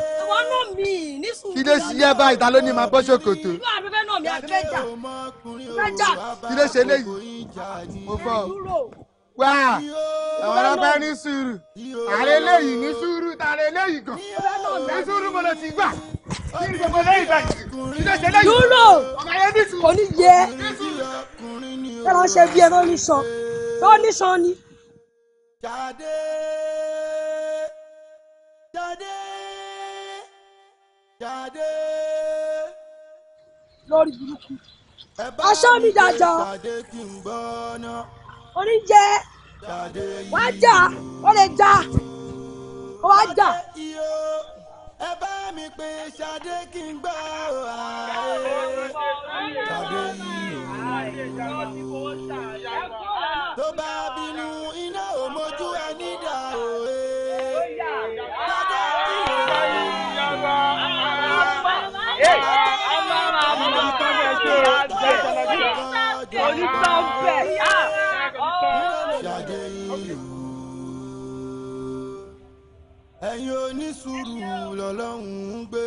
kí ló ṣe yẹ báyìí ta ló ní máa bọ́ ṣòkòtò. kí ló ṣe léyìí mo bọ̀ wá àwọn ọlọ́pàá ní sùúrù àlẹ léyìí ní sùúrù tàlẹ léyìí gan ní sùúrù mo lọ ti gbà kí ni gbogbo léyìí báyìí kí ló ṣe léyìí. dúró kò ní yẹ
ẹran ṣe ẹran nìṣan tó nìṣan ni. jáde
lórí burúkú aṣọ mi dájọ oníjẹ wàá
jà ó lè jà ó jà
ẹ bá mi pè ṣadé kí n gbọ́ ààrẹ ṣadé yìí tó bá bínú iná ò
mójú ẹni dà òye.
ẹ̀yin onísùúrù lọ́lọ́run ń gbé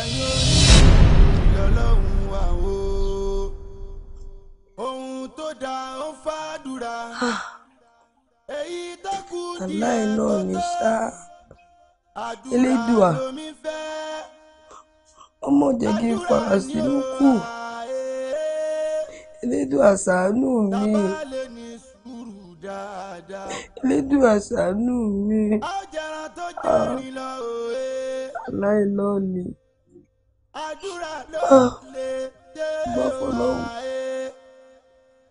ẹ̀yin.
dá ó fàdúrà. èyí tó kù díẹ̀ tó tọ́. Elédùà ọmọ jẹ́gi faransé ló kù eh, eh. Elédùà ṣàánú mi Elédùà ṣàánú mi aláìlọ́ọ̀ni gbọ́fọ́ lọ́wọ́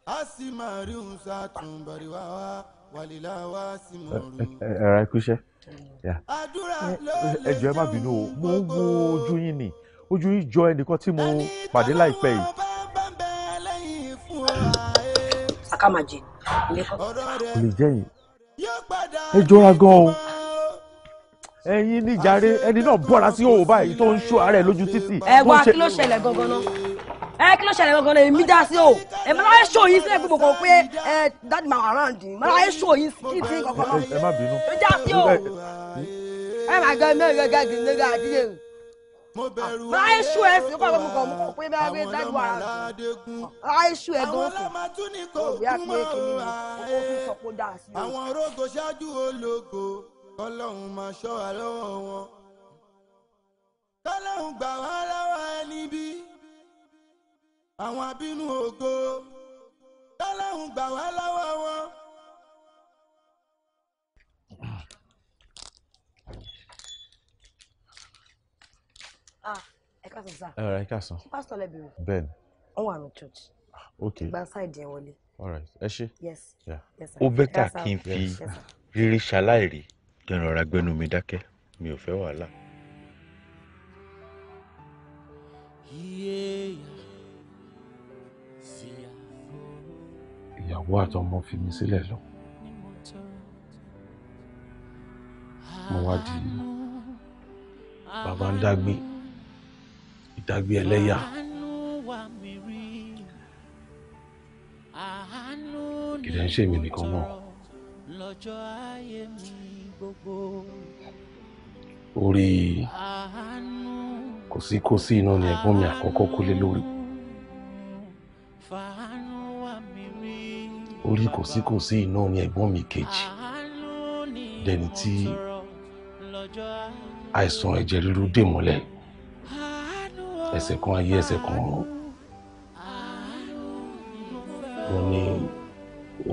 asimariun satunbari wa wa walila wa simaru.
ẹ̀rọ ẹ̀kúṣẹ́ ẹ jọ̀ọ́ ẹ má bínú o mo ń wo ojú yín ni ojú yín jọ ẹnìkan tí mo pàdé láìpẹ́ yìí.
akamaji eh. ilé kọ́.
kò lè jẹ́ yìí ẹ jọra gan-an ẹ̀yin níjàre ẹni náà bọ́ra sí òwò báyìí tó ń ṣó ara ẹ̀ lójú títì. ẹ wá kí ló ṣẹlẹ̀ gangan náà
ẹ eh, kí ló ṣẹlẹ̀ gangan náà èmi dá sí o ẹ máa láyé ṣó yín sílẹ̀ gbogbo kan pé ẹ eh, dáàdì máa wà ráǹdì máa láyé ṣó yín sí kí n ti kankan náà
eh, ẹ má dá sí o ẹ
máa gbẹ mẹ́rin gẹ́gẹ́ gẹ́gẹ́ gẹ́gẹ́ àdíyẹ
máa láyé ṣó ẹ sí kọ́ gbogbo kan mọ́ pé bẹ́ẹ̀ bí dáàdì wà ráǹdì láyé ṣó ẹ gan kù àti èkìní ni ó fi dá sí o. àwọn àwọn abínú ògo tọ́lọ́hún gbà wá lọ́wọ́ wọn.
Ah, ẹ ká sọ sá. ẹ ká sọ. pásítọ̀ lẹ́bìrì. bẹ́ẹ̀ni. wọ́n wà ní church. ok gba ṣáìdì ẹ wọlé.
all ẹ ṣe. yes yeah. yes sir. ó bẹ́tà kí n fi rírí ṣaláìrí kí n gbẹnu mi dákẹ́ mi ò fẹ́ wàhálà. ìyàwó àtọmọ fi mi sílẹ̀ lọ mo wá di
bàbá ń
dágbé ìdágbé ẹlẹ́yà
kìdá ń ṣe mí nìkan mọ́
orí kòsíkòsí iná ni ẹ̀gbọ́n mi àkọ́kọ́ kú lórí. orí kòsíkòsí iná orin ẹ̀gbọ́n mi kejì dẹni tí
àìsàn ẹ̀jẹ̀ ríru dè mọ́lẹ̀ ẹsẹ̀ kan ayé ẹsẹ̀ kan ọ̀run
wọn ní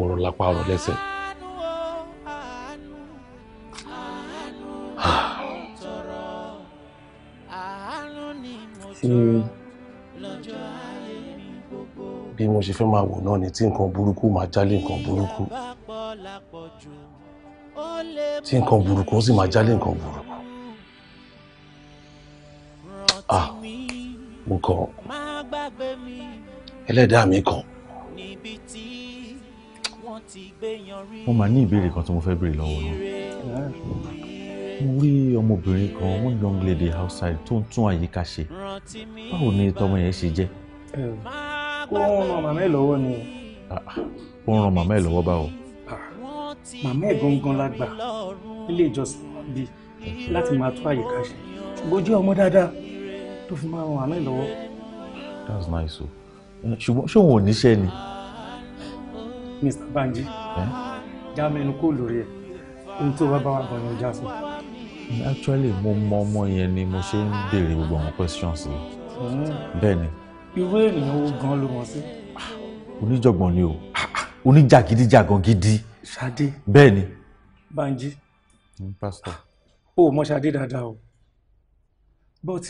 ọ̀rọ̀ lápá ọ̀rọ̀
lẹ́sẹ̀. ṣé ah
bí mo ṣe fẹ́ máa wò náà ni tí nǹkan burúkú máa jálé nǹkan burúkú tí nǹkan burúkú ó sì máa jálé nǹkan burúkú ah mo kàn ẹlẹ́dàá mi kàn. mo máa ní ìbéèrè kan tí mo fẹ́ béèrè lọ́wọ́ náà mo rí ọmọbìnrin kan one young lady outside tó ń tún àyíká ṣe báwo ni tọmọ yẹn ṣe jẹ́
ó ń ran màmá ẹ̀ lọ́wọ́ ni.
ó ń ran màmá ẹ̀ lọ́wọ́ báwo. Ah,
màmá ẹ̀ gangan la gbà nílé ìjọsìn bíi láti máa tó àyíká ṣe ṣùgbọ́n ọmọ dáadáa tó fi máa ran màmá lọ́wọ́.
that's nice o ṣùgbọ́n ṣé òun ò níṣẹ́ ni.
Mr. Banji já mẹ́nu kó lórí ẹ̀ ohun tó bá bá wà gan ni já sí.
actually mo mọ ọmọ yẹn ni mo ṣe ń béèrè gbogbo àwọn questions yìí hmm. bẹ́ẹ̀ ni
irú ènìyàn wo gan ló mọ̀ sí.
oníjọ̀gbọ̀n ni o oníjàgídíjàgan gidi. Ṣadé. bẹ́ẹ̀ ni. Bánjí. Hmm, pásítọ̀.
o ò mọ Ṣadé dáadáa o but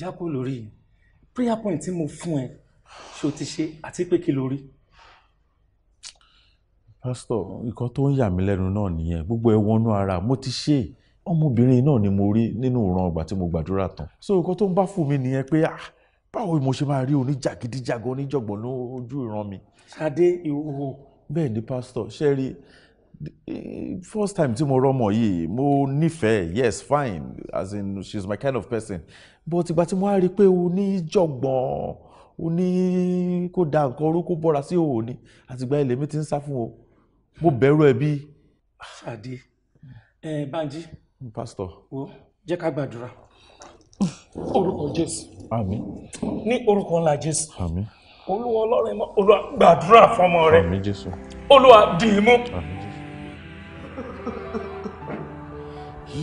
jákò lórí prayer point tí mo fún ẹ ṣó ti ṣe àti pé kí lórí.
pásítọ̀ nǹkan tó ń yà mí lẹ́nu náà nìyẹn gbogbo ẹ̀ wọnú ara mo ti ṣe ọmọbìnrin náà ni mo rí nínú ìran ọgbà tí mo gbàdúrà tán so nǹkan tó ń bá fún mi nìyẹn pé ah báwo ni mo ṣe máa rí oníjàgídíjàgan oníjọ̀gbọ̀n lójú ìran mi. ṣadé ìhòòhò. bẹ́ẹ̀ ni pásítọ̀ ṣe rí first time tí mo rọmọ yìí mo nífẹ̀ẹ́ yes fine as in she's my kind of person but ìgbà tí mo á rí i pé oníjọ̀gbọ̀n oní kó da nǹkan orú kó bọ́ra sí òwò ni àtìgbà ilé mi ti ń sá fún o mo bẹ̀rù ẹ bí. ṣadé ẹ Bánjí. pásítọ̀. wo
jẹ́ ká gbàdúrà orúkọ Jésù àmín ní orúkọ ńlá jésù àmín olúwa ọlọ́run mọ́ olúwa gbàdúrà fọmọ rẹ àmín jésù olúwa dì í mú.
àmín jésù.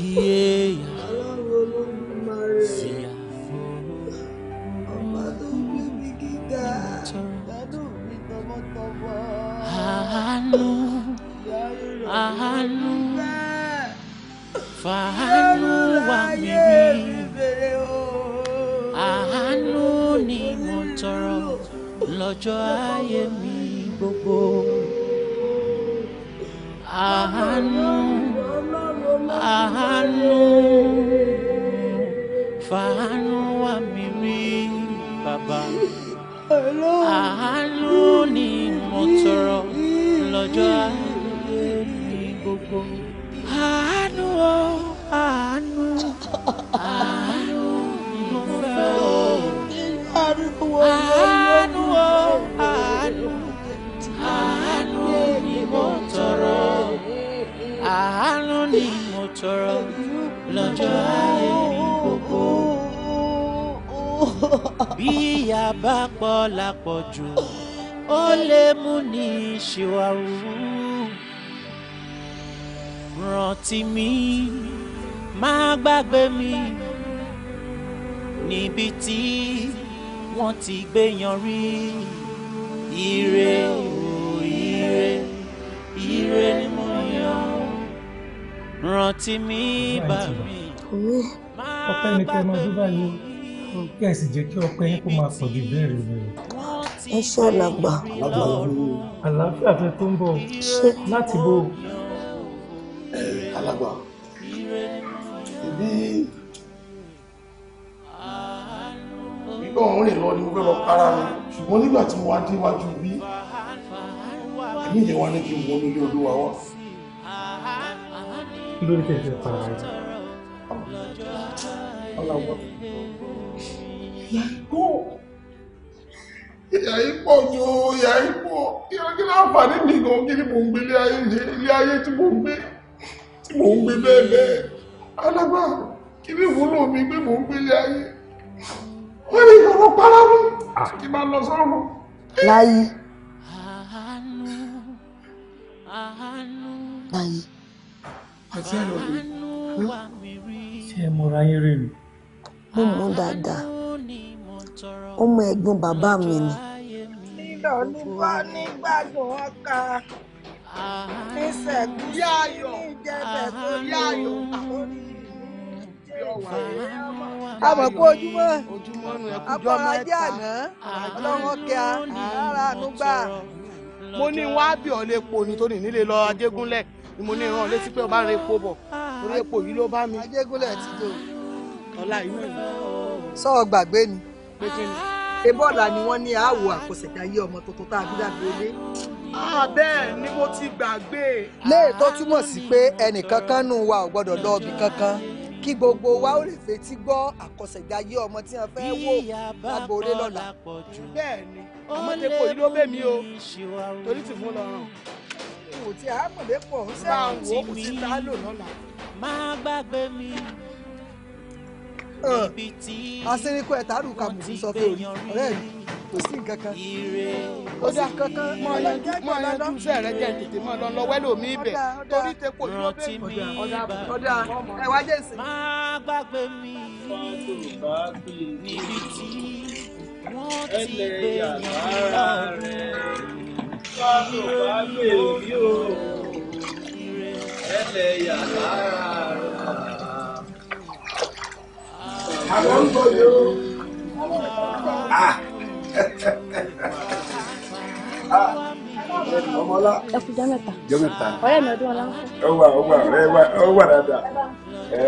iye yà sí yà fún ọmọ tó gbé mi gíga dádùn mi tọmọtọmọ
àánú ni mo tọrọ lọ́jọ́ ayé mi gbogbo àánú àánú fàánú wà mí rí bàbá àánú ni mo tọrọ lọ́jọ́ ayé mi gbogbo àánú àánú. tọrọ lọ́jọ́ ayé mi gbogbo. bí ìyà bá pọ̀ lápọ̀jù ó lè mú ní ṣìwàwù. rántí mi má gbàgbé mi níbi tí wọ́n ti gbéyan rí ire o ire ire ni mo rántí mi bá mi.
ọpẹ́ ni kẹ́ máa dúbà ní kí ẹ sì jẹ́ kí ọpẹ́ yín kó máa pọ̀ bí bẹ́ẹ̀rẹ̀
rẹ̀. ẹ ṣe àlàgbà.
àlàáfíà fẹ́ tó ń bọ̀ láti bò.
àlàgbà ibi gbígbọ́ òun rìn lọ ni mo fẹ́ lọ para mi ṣùgbọ́n nígbà tí mo wá déwájú bí ẹ̀mí ìyẹn wá ní kí n wọnú ilé olúwa wá kí
ló ní tẹ̀sí ẹ̀ para rẹ̀. ọlọ́wọ́ ìyá ipò
ìyá ipò ju ìyá ipò ìyá kí láǹfààní mi gan kí ni mò ń gbé ilé
ayé ṣe bumbi ayé tí mò ń gbé tí mò ń gbé mi pé mò ń gbé ilé ayé wọ́n ní ìfọwọ́ para mú
kí
máa lọ sọ́run. láyé láyé àti àlọ́lẹ̀ ṣe é mọ̀ra yín rè mí. mo mọ̀ dáadáa ọmọ ẹ̀gbọ́n bàbá mi ni.
nílò nípa nígbàgbọ́ ọkà ìṣẹ̀kú yáyọ̀ ìjẹ̀bẹ̀ tó yáyọ̀ àwọn oníyìí àmọ̀ kó ojúmọ́ abọ́ra ajé àná ọlọ́wọ́ kí a rárá mo ní wá bí ọ̀lẹ́ pò nítorí nílé lọ ajégúnlẹ̀ ni mo ní ìran létí pé ọba rẹ epo bọ̀ torí epo yìí ló bá mi. ajégúnlẹ̀ ti dò. ọ̀la inú ìlú. sọ gbàgbé ni. pé ni. ebọ́ọ̀là ni
wọ́n ní àwọ̀ ọmọ tuntun tá a bí dàgbé lé. bẹ́ẹ̀ ni mo ti gbàgbé.
léè tó túmọ̀ sí pé ẹnìkankan nù wa ò gbọ́dọ̀ lọ ibì kankan kí gbogbo
wa ó lè fetí gbọ́ àkọsẹ̀dáyé ọmọ tí wọ́n fẹ́ wò lágbóore lọ́la.
bẹ́ẹ̀ ni àmọ́ tẹ́kọ̀ọ́ yìí ló bẹ̀ mí o
torí ti fún lọ́rùn
wò tí a mọ̀ lé pọ̀ ṣé àwọn wò kò sí lò lọ́la. má gbàgbé mi
ibi tí asínrínkù ẹ̀ tààrù ká mọ̀ fún ọ̀rẹ́ mi kò sí nǹkan kan kò sí nǹkan mọ ọyànjú rẹ jẹ́ tètè mọ lọ
lọ́wọ́ lómi ibẹ̀ torí tẹ kò yọ bẹ́ẹ̀ ọ̀dà ọ̀dà ẹ wá jẹ́ ìsìn. má
gbàgbé mi níbi tí wọ́n ti gbé yàrá
rẹ̀.
Bámi ò ní èmi ò ẹlẹ́yà lára rẹ̀. Àwọn
ń bọ̀ yó.
Ọmọlá. Ẹ kú jẹ́ mẹ́ta.
Jẹ́ mẹ́ta. Ọ̀rẹ́ mi ọdún ọlá ń
fẹ́. Ó wà ó wà ọ̀rẹ́ wa ó wà dáadáa. Ẹ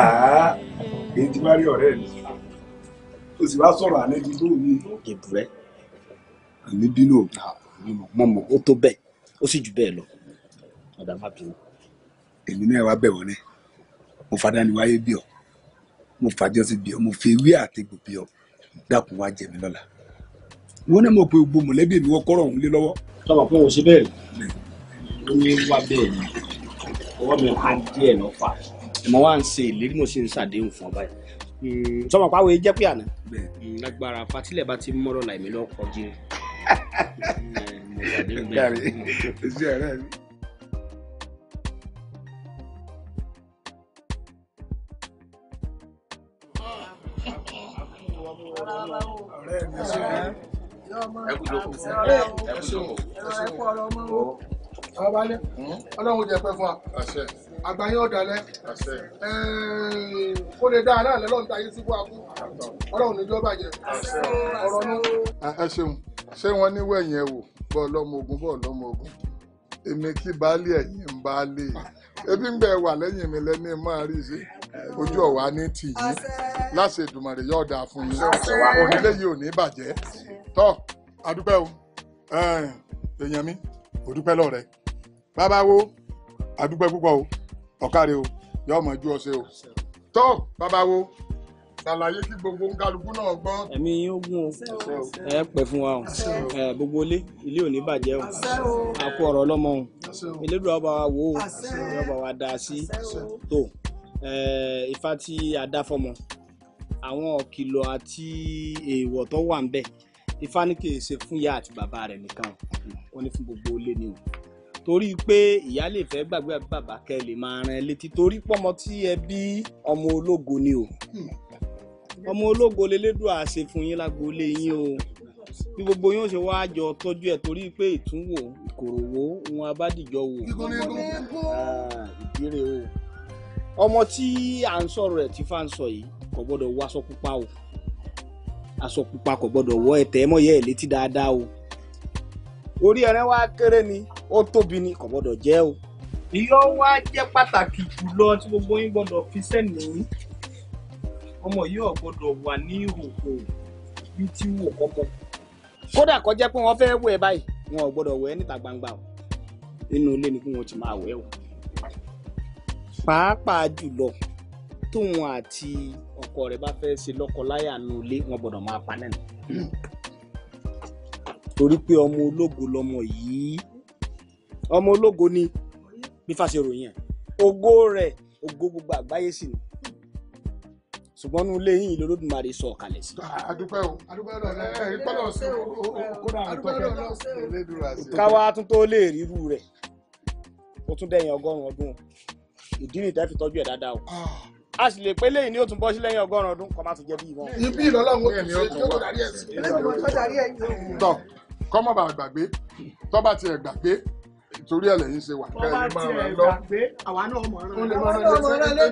àá èyí ti bá rí ọ̀rẹ́ mi. O sì wá sọ̀rọ̀ àná ibi tó yí. Ìbúrẹ́. Àmì bínú òkè mo mọ̀ ó tó bẹ́ẹ̀ ó sì jù bẹ́ẹ̀ lọ ọ̀dà má bínú. èmi náà wá bẹ̀ wọ́n ní mo fadá ni wáyé bí ọ mo fàjọsí bí ọ mo fi ewé àtẹ̀gbò bí ọ dákun wá jẹ mi lọ́la wọn náà mọ̀ pé gbogbo mọ̀lẹ́bí mi wọ́n kọ́rọ̀ òun lé lọ́wọ́. tọ́wọ́ pé o ṣe bẹ́ẹ̀ ló ní wá bẹ́ẹ̀ ni ọwọ́ mi á díẹ̀ lọ fà. mo wá ń ṣe ìlérí mo ṣe ń ṣàdéhùn fún ọba yìí. Hmm, sọmọ pàwọ̀ yìí jẹ́ pé àná. lágbára hmm, fatilẹ̀ bá ti mọ́rọ̀ làìmí lọ́kọ̀ iṣẹ́ rẹ̀ ni. ọ̀rẹ́ mi ṣe é
ẹ kú jókòó ẹ kú jókòó ẹ kú ọ̀rọ̀ ọmọ wo
ọbalẹ Ọlọ́run jẹ pẹ́ fún wa àgbáyé ọdalẹ kó lè dáa náà lọlọrun táyé síbú akú Ọlọ́run níjọba jẹ ọ̀rọ̀ náà. ẹ ṣeun ṣé wọ́n níwẹ̀ yẹn wò bọ́ ọlọ́mọ ogun bọ́ ọlọ́mọ ogun èmi kí baálé ẹ̀yìn ń baálé ebi ń bẹ wà lẹ́yìn mi lẹ́ni máa rí ṣe ojú ọ̀wá ní tìyí láṣẹ Èdùmàrè yóò dáa fún yín onílé yìí ò ní bàjẹ́ tọ́ adúpẹ́ o èèyàn mi òdúpẹ́ lọ́rẹ́ bàbá wo adúpẹ́ púpọ̀ o ọ̀kàrẹ́ o yóò mọ̀ ju ọ̀sẹ̀ o tọ́ bàbá wo ṣàlàyé kí gbogbo kálukú náà gbọ́. ẹ̀mí yín ó gún o ẹ pẹ́ fún wa o gbogbo ilé ilé ò ní bàjẹ́ o a kú ọ̀rọ̀ ọlọ́mọ o elédùn ọba wa wò ó ọba wa dá a sí tó ifá tí a dá fọmọ àwọn ọ̀kìlọ̀ àti èèwọ̀ tó wà ń bẹ ifá ní kì í ṣe fún ìyá àti bàbá rẹ̀ nìkan ó ní fún gbogbo ilé ni o torí pé ìyá lè fẹ́ gbàgbé bàbá kẹ́ lè máa rán ẹ létí torí pọ́mọ tí ẹ bí ọmọ ológo ni o. Hmm ọmọ ológo lelédùn àṣẹ fún yín lágboolé yín o bí gbogbo yín ó ṣe wá jọ tọ́jú ẹ̀ torí pé ìtúnwò ìkòròwò ohun abádìjọ wò
ìdíre
o ọmọ tí à ń sọ̀rọ̀ ẹ̀ tí fà ń sọ yìí kò gbọ́dọ̀ wọ aṣọ pupa o aṣọ pupa kò gbọ́dọ̀ wọ ẹ̀tẹ̀ ẹ̀ mọ̀yẹ́ létí dáadáa o orí ẹran wa kéré ni ó tóbi ni kò gbọ́dọ̀ jẹ́ o ìyọ́ wa jẹ́ pàtàkì jùlọ tí gbogbo yín gbọ́dọ̀ fi sẹ́ni ọmọ yìí ò gbọ́dọ̀ wà ní ìhòòhò bí tí wò kọmọ. kódà kó jẹ́ pé wọ́n fẹ́ wẹ̀ báyìí wọn ò gbọ́dọ̀ wẹ̀ níta gbangba o inú ilé ni kí wọ́n ti máa wẹ̀ o. pàápàá jùlọ tóun àti ọkọ rẹ̀ bá fẹ́ ṣe lọ́kọ-láyà nínú ilé wọn gbọ́dọ̀ máa pa lẹ́nu. torí pé ọmọ ológo lọmọ yìí ọmọ ológo ni bí fàṣẹ ròyìn ẹ̀ ògo rẹ̀ ògo gbogbo àgbáyé sì ni ṣùgbọ́n nínú ilé yìí lolódùmarè sọ ọ̀kalẹ̀ sí. àdúpẹ́ o
àdúpẹ́ lọ ẹ ẹ ìpọ́lọ̀ sí kódà àtọ́kẹ́
lẹ́dùrà sí. káwa
tún tó lè ríru rẹ̀ ó tún dẹ̀yìn ọgọ́rùn ọdún ìdí nìdá fi tọ́jú ẹ̀ dáadáa o ah. a sì lè pé lẹ́yìn ni ó tún bọ́ sí lẹ́yìn ọgọ́rùn ọdún kọ́ má tún jẹ́ bí ìwọ̀n. ibi ìlọ́lọ́run ó tún ṣe jókòó darí ẹ̀ sí. tọ́ kọ́mọ̀ bàgbàgbé tọ́ bá tiẹ̀ gbàgbé torí ẹ̀ lẹ́yìn ṣe wà kẹ́lẹ́ máa ràn lọ. àwa náà mọ̀ ọ́n lọ.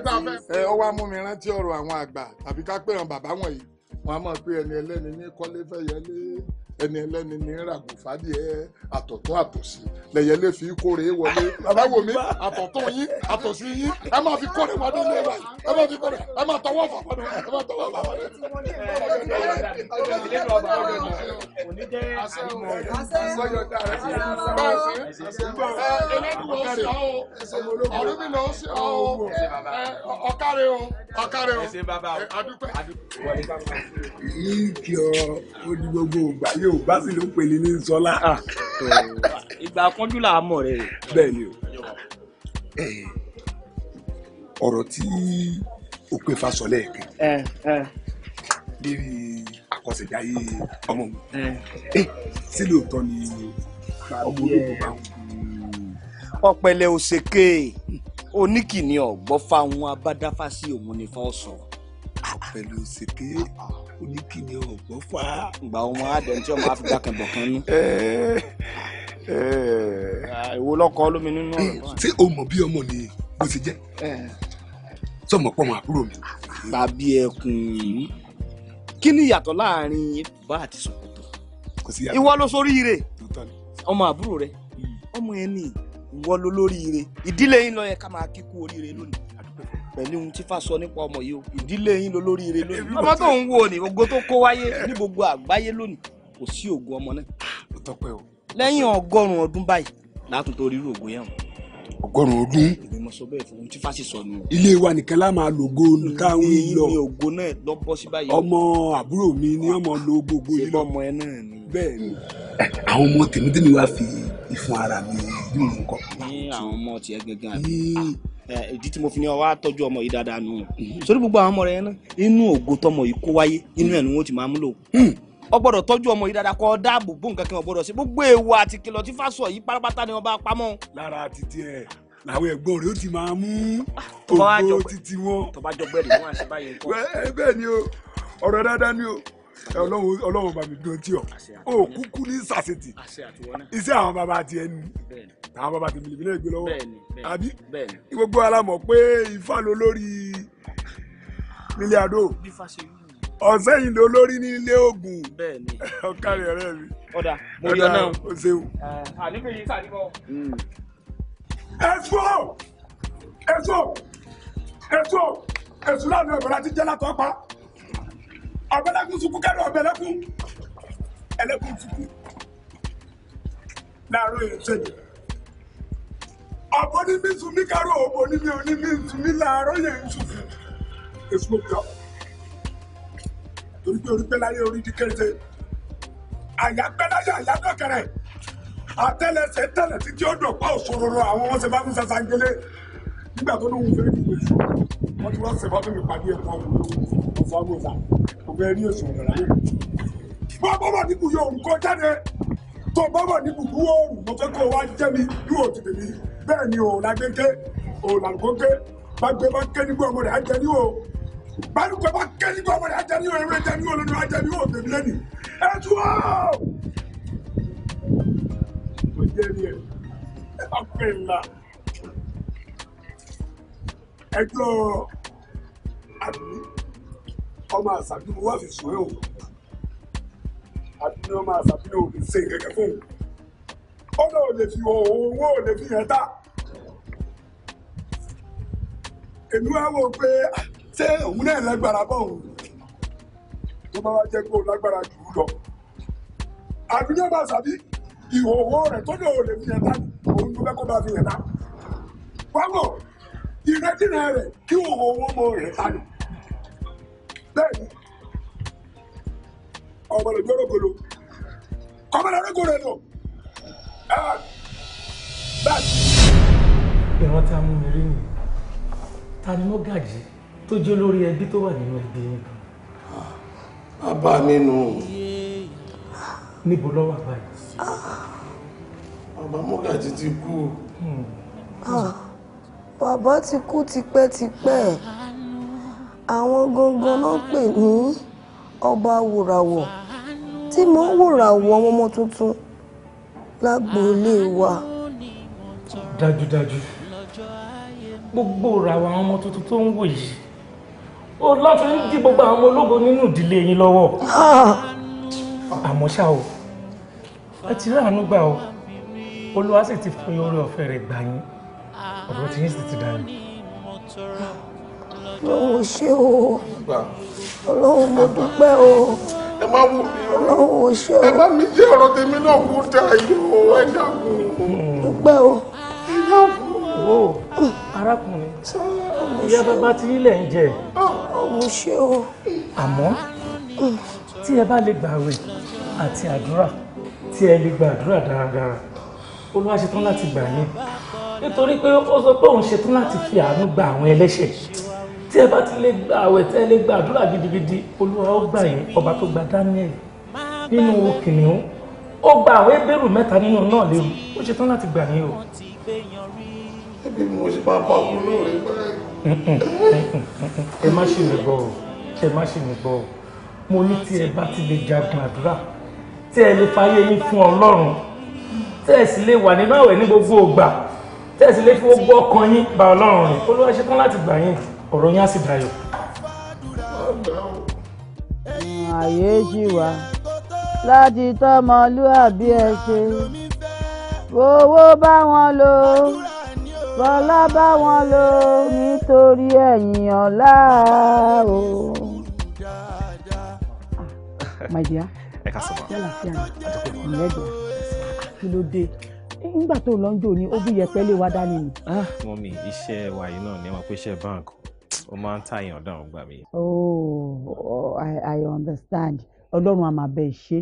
ẹ ọ wá mú mi rántí ọ̀rọ̀ àwọn àgbà tàbí ká pèràn bàbá wọ̀nyí wọn a máa pe ẹni ẹlẹ́ni ní kọ́lé fẹ́yẹlé ẹni ẹlẹ́ni ní ràgùn fàdíẹ́ àtọ̀tún àtòsí lẹ̀yẹ lè fi kórè wọlé
bàbá wò mí àtọ̀tún yín àtòsí yín ẹ máa fi kórè wọlé ilé wa ẹ máa fi kórè ẹ máa tọwọ́ fà wọlé ẹ máa tọwọ́ fà wọlé. ọ̀rẹ́ mi náà ṣe ọ́ ọ̀kárẹ́ o ọ̀kárẹ́ o adúpẹ́.
ìjọ odi gbogbo
ògbà y Yorùbá sì ló pèlè ní Sọlá. Ah, ìgbà kánjú là á mọ̀ rẹ. bẹ́ẹ̀ni o ọ̀rọ̀ tí òpin Fasọlẹ kan lérí àkọsẹ̀dáyé ọmọ mi sí lóòótọ́ ni ọmọ olóògùn bá wọn. ọ̀pẹ̀lẹ̀ òṣèké oníkìní ọgbọ fáwọn abádáfásí òun ni fọ sọ. ọ̀pẹ̀lẹ̀ òṣèké kò ní kí ni o kò fà á. ìgbà ọmọ tí ọmọ afi ìwo lọkọ olómi nínú ṣé o bí ọmọ ni bó ti jẹ́ sọmọ eh. àbúrò mi. tàbí ẹkùn yìí kí ni ìyàtọ̀ láàrin bá àti sòkòtò ìwọ ló ọmọ àbúrò rẹ hmm. ọmọ ẹni ìwọ ló lóríire ìdílé yín yẹ ká máa kíkú pẹ̀lú ohun tí fásọ nípa ọmọ yìí o ìdílé yín ló lónìí. ọmọ tó ń wo ni ògo tó kó wáyé ní gbogbo àgbáyé lónìí kò sí ògo ọmọ náà. lẹ́yìn ọgọ́rùn-ún ọdún báyìí látún tó rírú ògo yẹn ọgọ́rùn-ún ọdún. èmi mo sọ bẹ́ẹ̀ fún ohun tí fásì sọ nù. ilé wa nìkan lá máa lo ògo táwọn yìí lọ. èyí ni náà lọ bọ́ sí báyìí. ọmọ àbúrò mi ni ọmọ lo gbogbo yìí lọ. ọmọ ẹ náà ni. bẹ́ẹ̀ Eh, ìdí tí mo fi ní ọ wá ọmọ yìí dáadáa nù. sórí gbogbo àwọn ọmọ rẹ yẹn náà inú ògo tọmọ yìí kó wáyé inú ẹ̀ ni wọ́n ti máa múlò hmm. ọ gbọ́dọ̀ tọ́jú ọmọ yìí dáadáa kọ ọ dáàbò bó nǹkan kan ọ gbọ́dọ̀ sí gbogbo èèwọ̀ àti kìlọ̀ tí fásọ yìí pátápátá ni ọba pamọ́. lára títí ẹ làwọn ẹ̀gbọ́n rẹ ó ti máa mú ògo títí wọn. tọ́bajọgbẹ́ rẹ̀ wọ́n á
báyìí
nǹkan. ọlọ́run ọlọ́run bá mi dúró tí ọ
o kúkú ní sàṣetì
iṣẹ́ àwọn bàbá tiẹ̀ ni àwọn bàbá tèmi lèmi náà gbé lọ́wọ́ àbí gbogbo alamọ̀ pé ifá ló lórí nílé adó ọ̀sẹ̀ yìí ló lórí nílé ogun [laughs] ọ̀kàrẹ̀ ọ̀rẹ́ mi. ọ̀dà mo yọ náà o ṣeun. àníkè yìí sàdíbọ̀. ẹ̀sùn ẹ̀sùn ẹ̀sùn ẹ̀sùn láàrin ọ̀bẹ̀rẹ̀ àti jẹ́lá tó pa ọ̀bẹ̀lẹ̀kùn sunkún kẹ́rù ọ̀bẹ̀lẹ̀kùn ẹlẹ́kùn sunkún láàárọ̀ èèyàn ṣẹ̀jẹ̀ ọ̀bọ ní mí sun mí kárò òbò mi ò ní mí sun mí láàárọ̀ yẹn ń sùn fún èso òkè ọ̀ torí pé orí pé láyé orí di kéde àyàgbẹ́láyé àyàdọ̀kẹrẹ àtẹlẹsẹ tẹlẹ títí ó dọ̀pá òṣòroro àwọn wọn ṣe bá fún sasangele nígbà tó ní òun fẹ́ẹ́ fi wẹ̀ sùn ti wá ṣẹ̀fọ́ fún mi pàdé ẹ̀kọ́ ọ̀fọ̀ àgbòsà ọbẹ̀ rí èso ọ̀dọ̀ láyé. bá a bá wà níbù yóò ń kọ́ jáde tó bá wà níbù kú òòrùn mo fẹ́ kó o wá jẹ́ mi bí o ti tèmi bẹ́ẹ̀ ni òòrùn agbẹ́gẹ́ òòrùn àlùkòkẹ́ bá gbé bá ké nígbà ọmọdé ajẹ́ ní o bá dùgbẹ́ bá ké nígbà ọmọdé ajẹ́ ní o ewé jẹ́ ní o lónìí ajẹ́ ní o tèmi lẹ́nu ẹ tú o. kò jẹ́ ni ẹ ẹ bá pè ńlá ẹjọ́ àbí ọmọ àṣàbí mo wá fi sùn ẹ́ o àbí ọmọ àṣàbí ò lè ṣe kẹ̀kẹ́ fún un ó náà lè fi owó ò lè fi yẹn ta èmi wá wò pé ṣé òun náà lágbára bọ̀ òun tó bá wá jẹ́ pé òun lágbára jù ú lọ àbí ọmọ àṣàbí ìhòòhò rẹ̀ tó náà ò lè fi yẹn ta òun ló fẹ́ kó bá fi yẹn ta wá wò ìrètí rẹ̀ kí òun owó mọ̀ rẹ̀ ta ni bẹ́ẹ̀ni ọmọ rẹ gbẹrọgbọlọ ọmọ rẹ gbẹrọgbọlọ nù ah. ẹ bẹ́ẹ̀ni.
ìran tí a mú mi rí nìyí ta ni mọ́gàjì tó jẹ́ olórí ẹbí tó wà nínú ẹbí yín gan.
Ah. bàbá mi nù. níbo ló wà báyìí.
bàbá mọ́gàjì ti kú. Hmm. Ah. bàbá ti kú tipẹ́tipẹ́. Ah àwọn gangan náà pè ní ọba wùràwọ̀ tí mò ń wùràwọ̀ ọmọ tuntun lágboolé wa.
dájúdájú gbogbo ìràwọ̀ àwọn ọmọ tuntun tó ń wò yìí ó láti ń dí gbogbo àwọn ológo nínú ìdílé yín lọ́wọ́ ah! àmọ́ ṣá o ẹ ti rí àánú gbà o olúwa sì ti fi oore ọ̀fẹ́ rẹ̀ gbà yín ọ̀rọ̀ tí yín sì ti dà yín
ọlọ́run ò ṣe o ọlọ́run mo dúpẹ́ o ẹ má wù mí o ọlọ́run ò ṣe o
ẹ bá mi jẹ́ ọ̀rọ̀ tèmi náà kú dà yìí o ẹ dàgbù dúpẹ́ o ẹ
dàgbù. wo arákùnrin ìyá bàbá tí ilẹ̀ ń jẹ ọmọ ṣe o àmọ́ tí ẹ bá lè gbààwẹ̀ àti àdúrà tí ẹ lè gbàdúrà dáradára olúwa ṣetán láti gbà yín nítorí pé ó sọ pé òun ṣetán láti fi àánú gba àwọn ẹlẹ́ṣẹ̀ tí ẹ bá ti lè gba àwẹ̀ tẹ́ lè gba àdúrà gidigidi olúwa ó gbà yín ọba tó gba Daniel nínú kìnìún ó gba àwọn ebéèrú mẹ́ta nínú náà léwu ó ṣe tán láti gbà yín o.
ẹbí mo ṣe máa bá òun lóore
pẹ́. ẹ má ṣì mí gbọ́ o ẹ má ṣì mí gbọ́ o mo ní tí ẹ bá ti lè jagun àdúrà tí ẹ lè fàyè yín fún Ọlọ́run tí ẹ sì lè wà nínú àwẹ̀ ní gbogbo ògbà tí ẹ sì lè fi gbogbo ọkàn yín bá Ọlọ́run rìn olúwa ṣe tán láti gbà yín ọ̀rọ̀ yín á sì dayọ̀.
ààyè ṣì wà láti tọmọlúàbí ẹ ṣe owó bá wọn lò fọlá bá wọn lò nítorí ẹ̀yìn ọ̀la o. Ah, my
dear ẹ ká sọ ma
ìlẹ́jọ kí ló dé nígbà tó lọ́njọ́ ni ó bú yẹpẹ́ lé wa dání ni. Ah,
mọ́mí iṣẹ́ wa yìí náà ni wọ́n pèsè báńkì ó máa ń tàyàn dáhùn gbà mí.
oh i i understand ọlọ́run àmà bẹ́ẹ̀ ṣe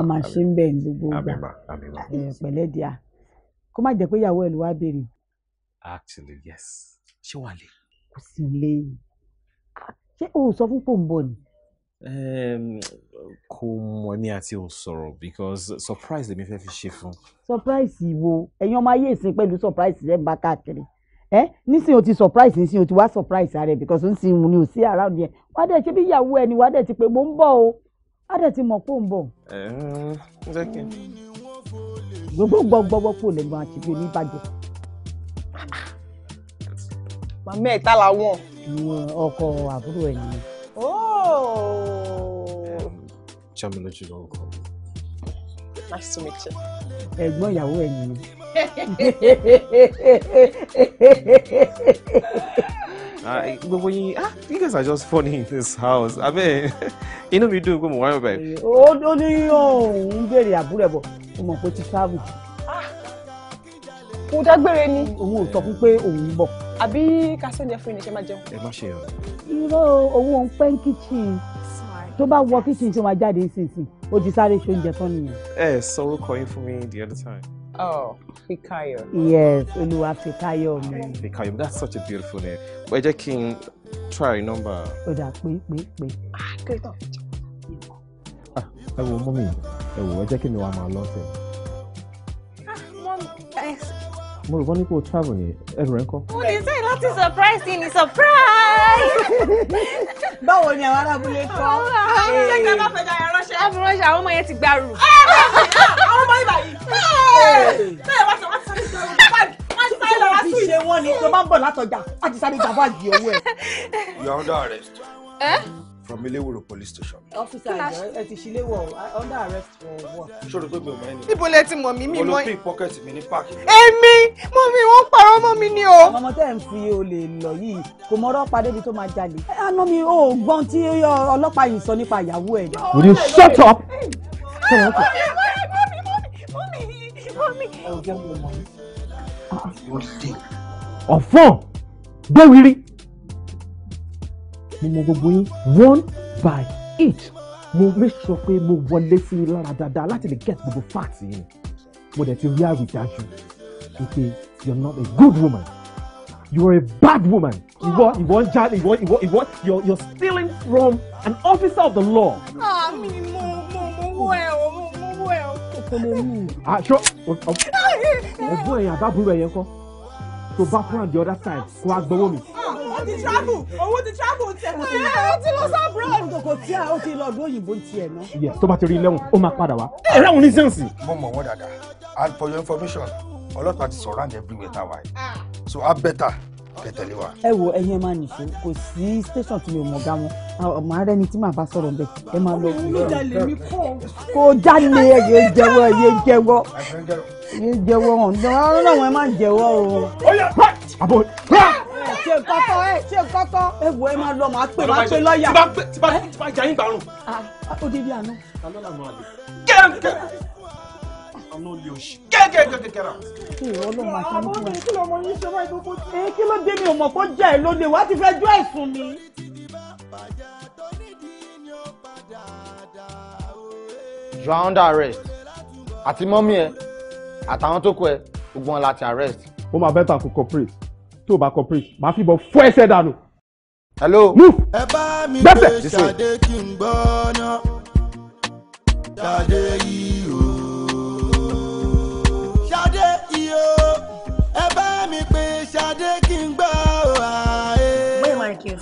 àmà ṣe ń bẹ̀ ní gbogbo ìgbà eh, pẹ̀lẹ́ díà kó má jẹ́ pé ìyàwó ẹ̀ ló wá béèrè.
actually yes
ṣé wàá lè. kò sí lè ṣé o sọ fún pòǹbọ̀ ni.
kò mọ ní àti ò sọ̀rọ̀ because surprise lèmi fẹ́ fi ṣe fún.
surprise wo ẹ̀yin ọmọ ayé ìsìn pẹ̀lú surprise rẹ̀ ń bá káàkiri ẹ eh? nísìnyí o ti surprise nísìnyí o ti wá surprise ara ẹ because nísìnyí mo ní o sí around yẹn wàá dẹ̀ ṣe bí ìyàwó ẹ ni wàá dẹ̀ ti pé mo ń bọ̀ o wàá dẹ̀ ti mọ̀ pé ò ń bọ̀. gbogbo gbọgbọgbọ kò lè gbọn àti bí oníbàjẹ́. màmá ẹ̀ tá làwọn. ọkọ àbúrò ẹ̀ nìyẹn.
Oh! ṣàmìlójú lórúkọ.
nice to meet you.
ẹ̀gbọ́n ìyàwó ẹ̀ nìyẹn.
Ah, gbogbo yín ah you guys are just funny in this house I mean, you know we do. wáyọ báyìí.
oh! ní òun béèrè àbúrò ẹ̀ bọ̀ ó mọ̀ pé ó ti travel. Ah, kò dágbére ni. òun ò sọ fún pé òun bọ̀. àbí kásánjẹ fún ẹni ṣe máa jẹun. ẹ má ṣe ọ. irọ́ owó ń pẹ́ ń kíchìn tó what wọ kíchìn tó máa jáde nísinsìnyí ó ti sáré ṣe oúnjẹ tán
nìyẹn. ẹ sọ orúkọ yín the other time.
Oh, Fikayo. Yes, Olúwa Fikayo mi.
Fikayo, that's such a beautiful name. Ẹ jẹ́ kí n try number.
Ó dà pé pé pé.
Ah, ẹ wo mọ́mí, ẹ wo
ẹ jẹ́ kí mi wá máa lọ sí.
Ah, eh.
Mo rò wọ́n ní kó o travel
ni ẹrù rẹ̀ ń kọ́.
Mo lè sẹ́yìn láti surprise ni surprise báwo ni àwọn arábúlé kọ́. ṣé kí ẹ bá fẹjà yẹn ránṣẹ́. a fi ránṣẹ́ àwọn ọmọ yẹn ti gbàrú. [laughs] àwọn ọmọ ibà yìí. bẹ́ẹ̀ wá sọ wá sọ ti ṣe wọ́n ni tó bá ń bọ̀ látọjà láti sáré jà báàgì owó ẹ̀.
you are under arrest. Eh? from Ilewuro police station.
Officer Àjọ ẹ ti ṣíléwọ̀ under arrest for what? Ṣé o
rò pé mi ò mọ ẹni? Níbo lẹ ti mọ̀ mí mi mọ́? Mo lọ pín pocket mi ní páàkì.
Èmi mo mi wọ́n parọ́ mọ́ mi ni o. Àwọn ọmọ tẹ́ ẹ̀ ń fi olè lọ yìí kò mọ ọ̀rọ̀ padà ibi tó máa jalè. Àná mi ò gbọ́n tí ọlọ́pàá yìí sọ nípa ìyàwó ẹ̀. Will you shut up? Ah, ah,
ah. Ọ̀fọ̀n gbẹ̀wìrì mo mọ gbogbo yín one by eight mo make sure pé mo wọlé sí i lára dáadáa láti lè get gbogbo facts yìí mo dẹ̀ ti rí àrídájú wípé you are not a good woman you are a bad woman ìwọ ìwọ ń jalè ìwọ ìwọ ìwọ you you are stealing from an officer of the law.
àmì mo mo mo wọ ẹ o mo wọ ẹ o.
àṣọ ọgbọ́n ẹ̀yìn àbábúrò ẹ̀yẹn kọ́ tó back fún the other side, kó wá gbowó mi.
Ah, ó ti travel owó ti travel tẹ̀ kó tiẹ̀. Eh, ó ti lọ sá bro. kò tí a ó ti lọ ọdún òyìnbó tiẹ̀ náà.
yẹ tó bá ti rí lẹ́wọ̀n ó máa padà wá.
Eh, ẹ ráwọn ní sẹ́ǹsì. mo
mọ̀ and for your information a lot of surround everywhere táwa yìí ah. so I better kẹtẹlẹ wa.
ẹ wo ẹyin ẹ máa nìṣó kò sí station tí mi ò mọ̀ ga wọn màá rẹni tí màá bá sọ̀rọ̀ bẹ́ẹ̀ ẹ máa lọ. kò jáde ẹyẹ jẹ́wọ́ ẹyẹ jẹ́wọ́ ẹyẹ jẹ́wọ́ hàn lọ́wọ́ lọ́wọ́ ẹ máa jẹ́wọ́ o. àbò ṣe kọ́kọ́ ẹ ṣe kọ́kọ́ ẹ wo ẹ máa lọ màá pè máa pè lọ́ọ̀yà.
tí bá jẹ́ àyín gbàrún.
odidi ah, ah, àná.
kẹ́ńkẹ́.
I'm not your shit. Get, get, get, get out.
Ọmọbìnrin kí lọmọ yín ṣe wáyé tó kó tí. ló dé mi ò mọ̀ kó jẹ́ ẹ̀ lóde wá ti fẹ́ jó ẹ̀sùn mi.
You are under arrest. Àti mọ́mí ẹ, àtàwọn tó kọ ẹ, gbogbo wọn láti arrest.
Ó máa bẹ́tà kó cooperate. Tó o bá cooperate, màá fìbọn fọ́ ẹsẹ̀ dànù. Hello. Move. Ẹ
bá mi gbé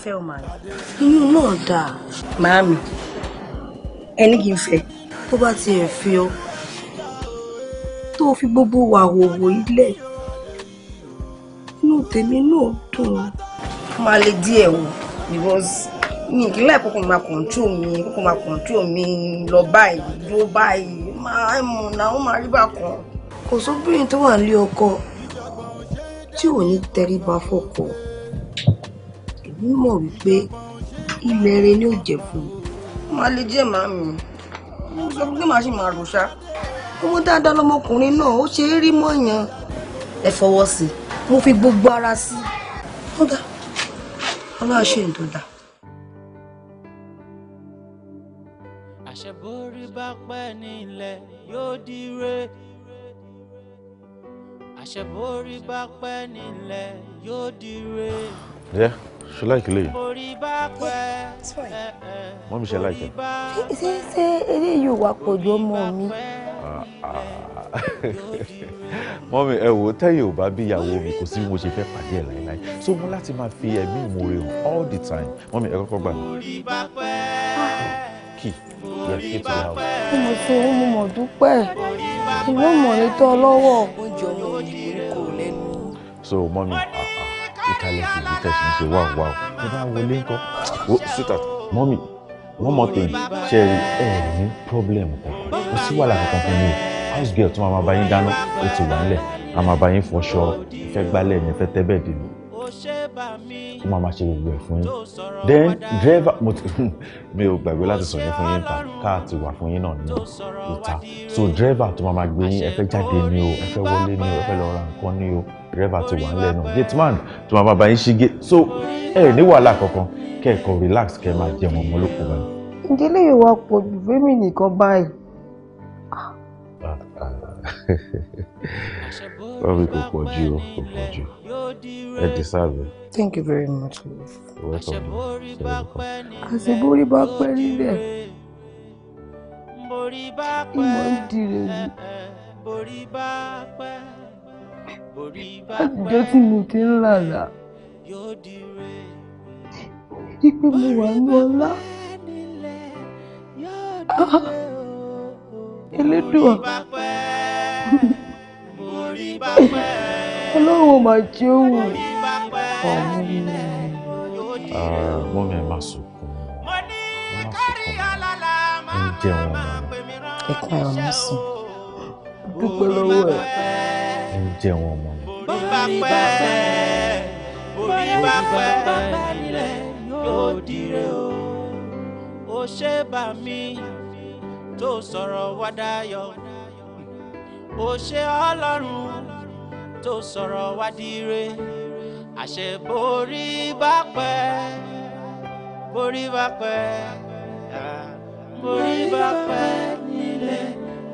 fẹ́ o màá. inú náà
dáa. màámi ẹni kì í fẹ́. tó bá tiẹ̀ fi ọ tó fi gbogbo wà wòwò ilẹ̀ inú tèmi náà dùn. máa le díẹ̀ o because mi kì í láì kókò máa control mi kókò máa control mi lọ báyìí dúró báyìí máa mọ̀ náà ó máa rí bákan. kò sóbìnrin tó wà nílé ọkọ
tí ò ní tẹríba fọ́kọ mo mọ̀ wípé ilẹ̀ rẹ ni ó jẹ́ fún un.
màá lè jẹ́ màá mi mo sọ pé màá sì máa rò ṣá
ọmọ dáadáa lọmọkùnrin náà ó ṣe é rí mọ̀yàn
ẹ fọwọ́ sí i mo fi gbogbo ara sí
i ó dá ọlọ́run ṣe ń tó dá.
àṣeborí bá pẹ́ nílẹ̀ yóò dire àṣeborí bá pẹ́ nílẹ̀ yóò
dire. Yeah. She like Lee.
Yeah,
it's
Mommy, she like it.
Ṣé ṣé eré yóò wá pọ̀jù ọmọ mi?
[laughs] Mommy, ẹ wo tẹ́yìn ò bá bí ìyàwó mi kò sí bí mo ṣe fẹ́ pàdé ẹ̀ láéláé. So wọ́n láti máa fi ẹ̀mí ìmoore hàn all the time. Mommy, ẹ kọ́kọ́ gbà mí. Kì yẹ kí ti yà wọ.
Bí mo ṣe ń mú mọ̀ dúpẹ́, ìwọ́n mọ̀ ní tọ́ lọ́wọ́. Oúnjẹ ọmọ mi kò
So mommy, ah, ìkàlẹ̀ sí ibi tẹ̀sí ń ṣe wáwù wáwù tó bá wọlé ńkọ́ ó síta mọ́mì wọ́n mọ̀ tèmi ṣe rí ẹ ní pọ́blẹ́mù kankan ó sì wà lákàtà fún mi o house girl tó máa bá yín dáná ó ti wà ńlẹ̀ a máa bá yín fọṣọ ìfẹ́ gbálẹ̀ ní ìfẹ́ tẹ́bẹ̀ dèmi ó máa máa ṣe gbogbo ẹ̀ fún yín then driver mo ti [laughs] mi ò gbàgbé láti sọ yín fún yín ta káà ti wà fún yín náà ní ìta so driver tó máa máa gbé yín ẹ fẹ́ jáde ni o ẹ fẹ́ wọlé ni o ẹ fẹ́ lọ ra nǹkan ni o dírẹ́fà ti wà nílẹ̀ náà gate man tó máa bàbá yín ṣí gate so ẹ ní wàhálà kankan kẹ́ẹ̀kan relax kẹ́ẹ̀ máa jẹ ọmọ ọmọlúkọ wọn.
ìdílé ìwà pọ̀ jù fẹ́mi nìkan báyìí.
Probably kò pọ̀ jù o, kò pọ̀ jù. deserve it.
Thank you very much. You're welcome. You're welcome. Àṣebórí bá pẹ́ nílẹ̀. Ìmọ̀ ń dirẹ̀ àtijọ́ tí mo ti ń lálàá ipe mo wà ní ọlá elédùà ọlọ́run mà
jẹ́ òun ọ̀hún mi.
mọ́mí ẹ má sunkún ẹ má sunkún ẹ ń jẹun ọmọ.
ẹ̀ka ọ̀run sùn. dúpẹ́ lọ́wọ́
ẹ̀ ṣe ń jẹun ọmọ mi. bó bá
pẹ́ o ó ṣe bá mi tó sọ̀rọ̀ wá dayọ̀ ó ṣe ọlọ́run tó sọ̀rọ̀ wá dire àṣẹ borí bá pẹ́ borí bá
pẹ́ borí bá
pẹ́ nílẹ̀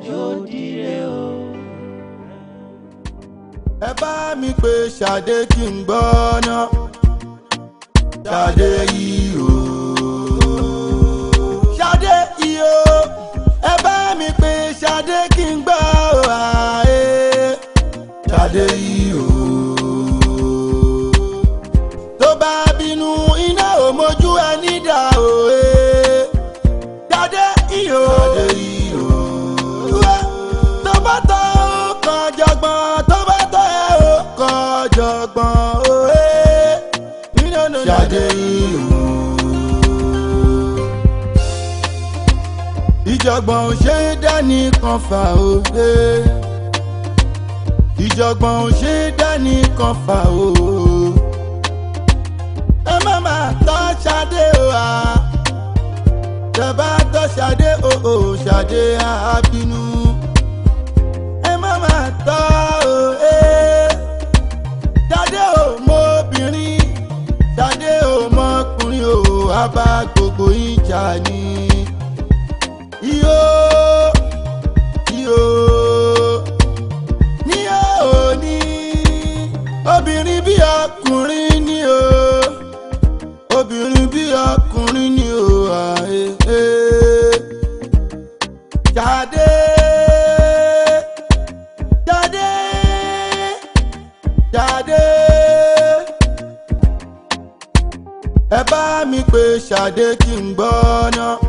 yóò dire o ẹ bá mi pé ṣàdé kí n gbọ́ ná ṣàdé yìí. ìjọ̀gbọ̀n ò ṣe é dánìkan fà òde ìjọ̀gbọ̀n ò ṣe é dánìkan fà o. ẹ má má tọ́ Ṣadé o à tẹ bá tọ́ Ṣadé o ò Ṣadé á bínú. ẹ má má tọ́ o ẹ Ṣadé ò mọ obìnrin Ṣadé ò mọ ọkùnrin o àbá gbogbo ìjà ni iyo iyo ní òní obìnrin bí ọkùnrin ni o obìnrin bí ọkùnrin ni o àyè jáde jáde jáde ẹ bá mi pè ṣàdé kí n gbọ́ náà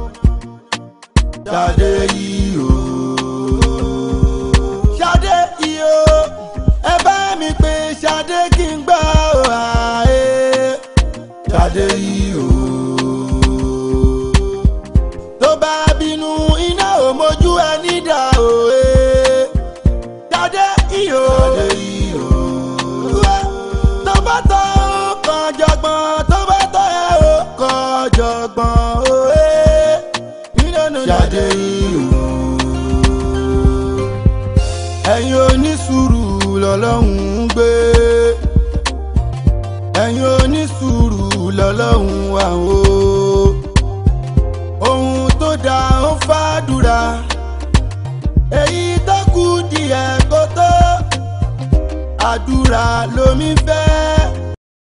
dáadé yìí. lọ́lọ́run ń gbé ẹ̀yin onísùúrù lọ́lọ́run wà o ohun tó dáa ó fàdúrà èyí tó kù díẹ̀ kó tó àdúrà lomi
fẹ́ẹ́.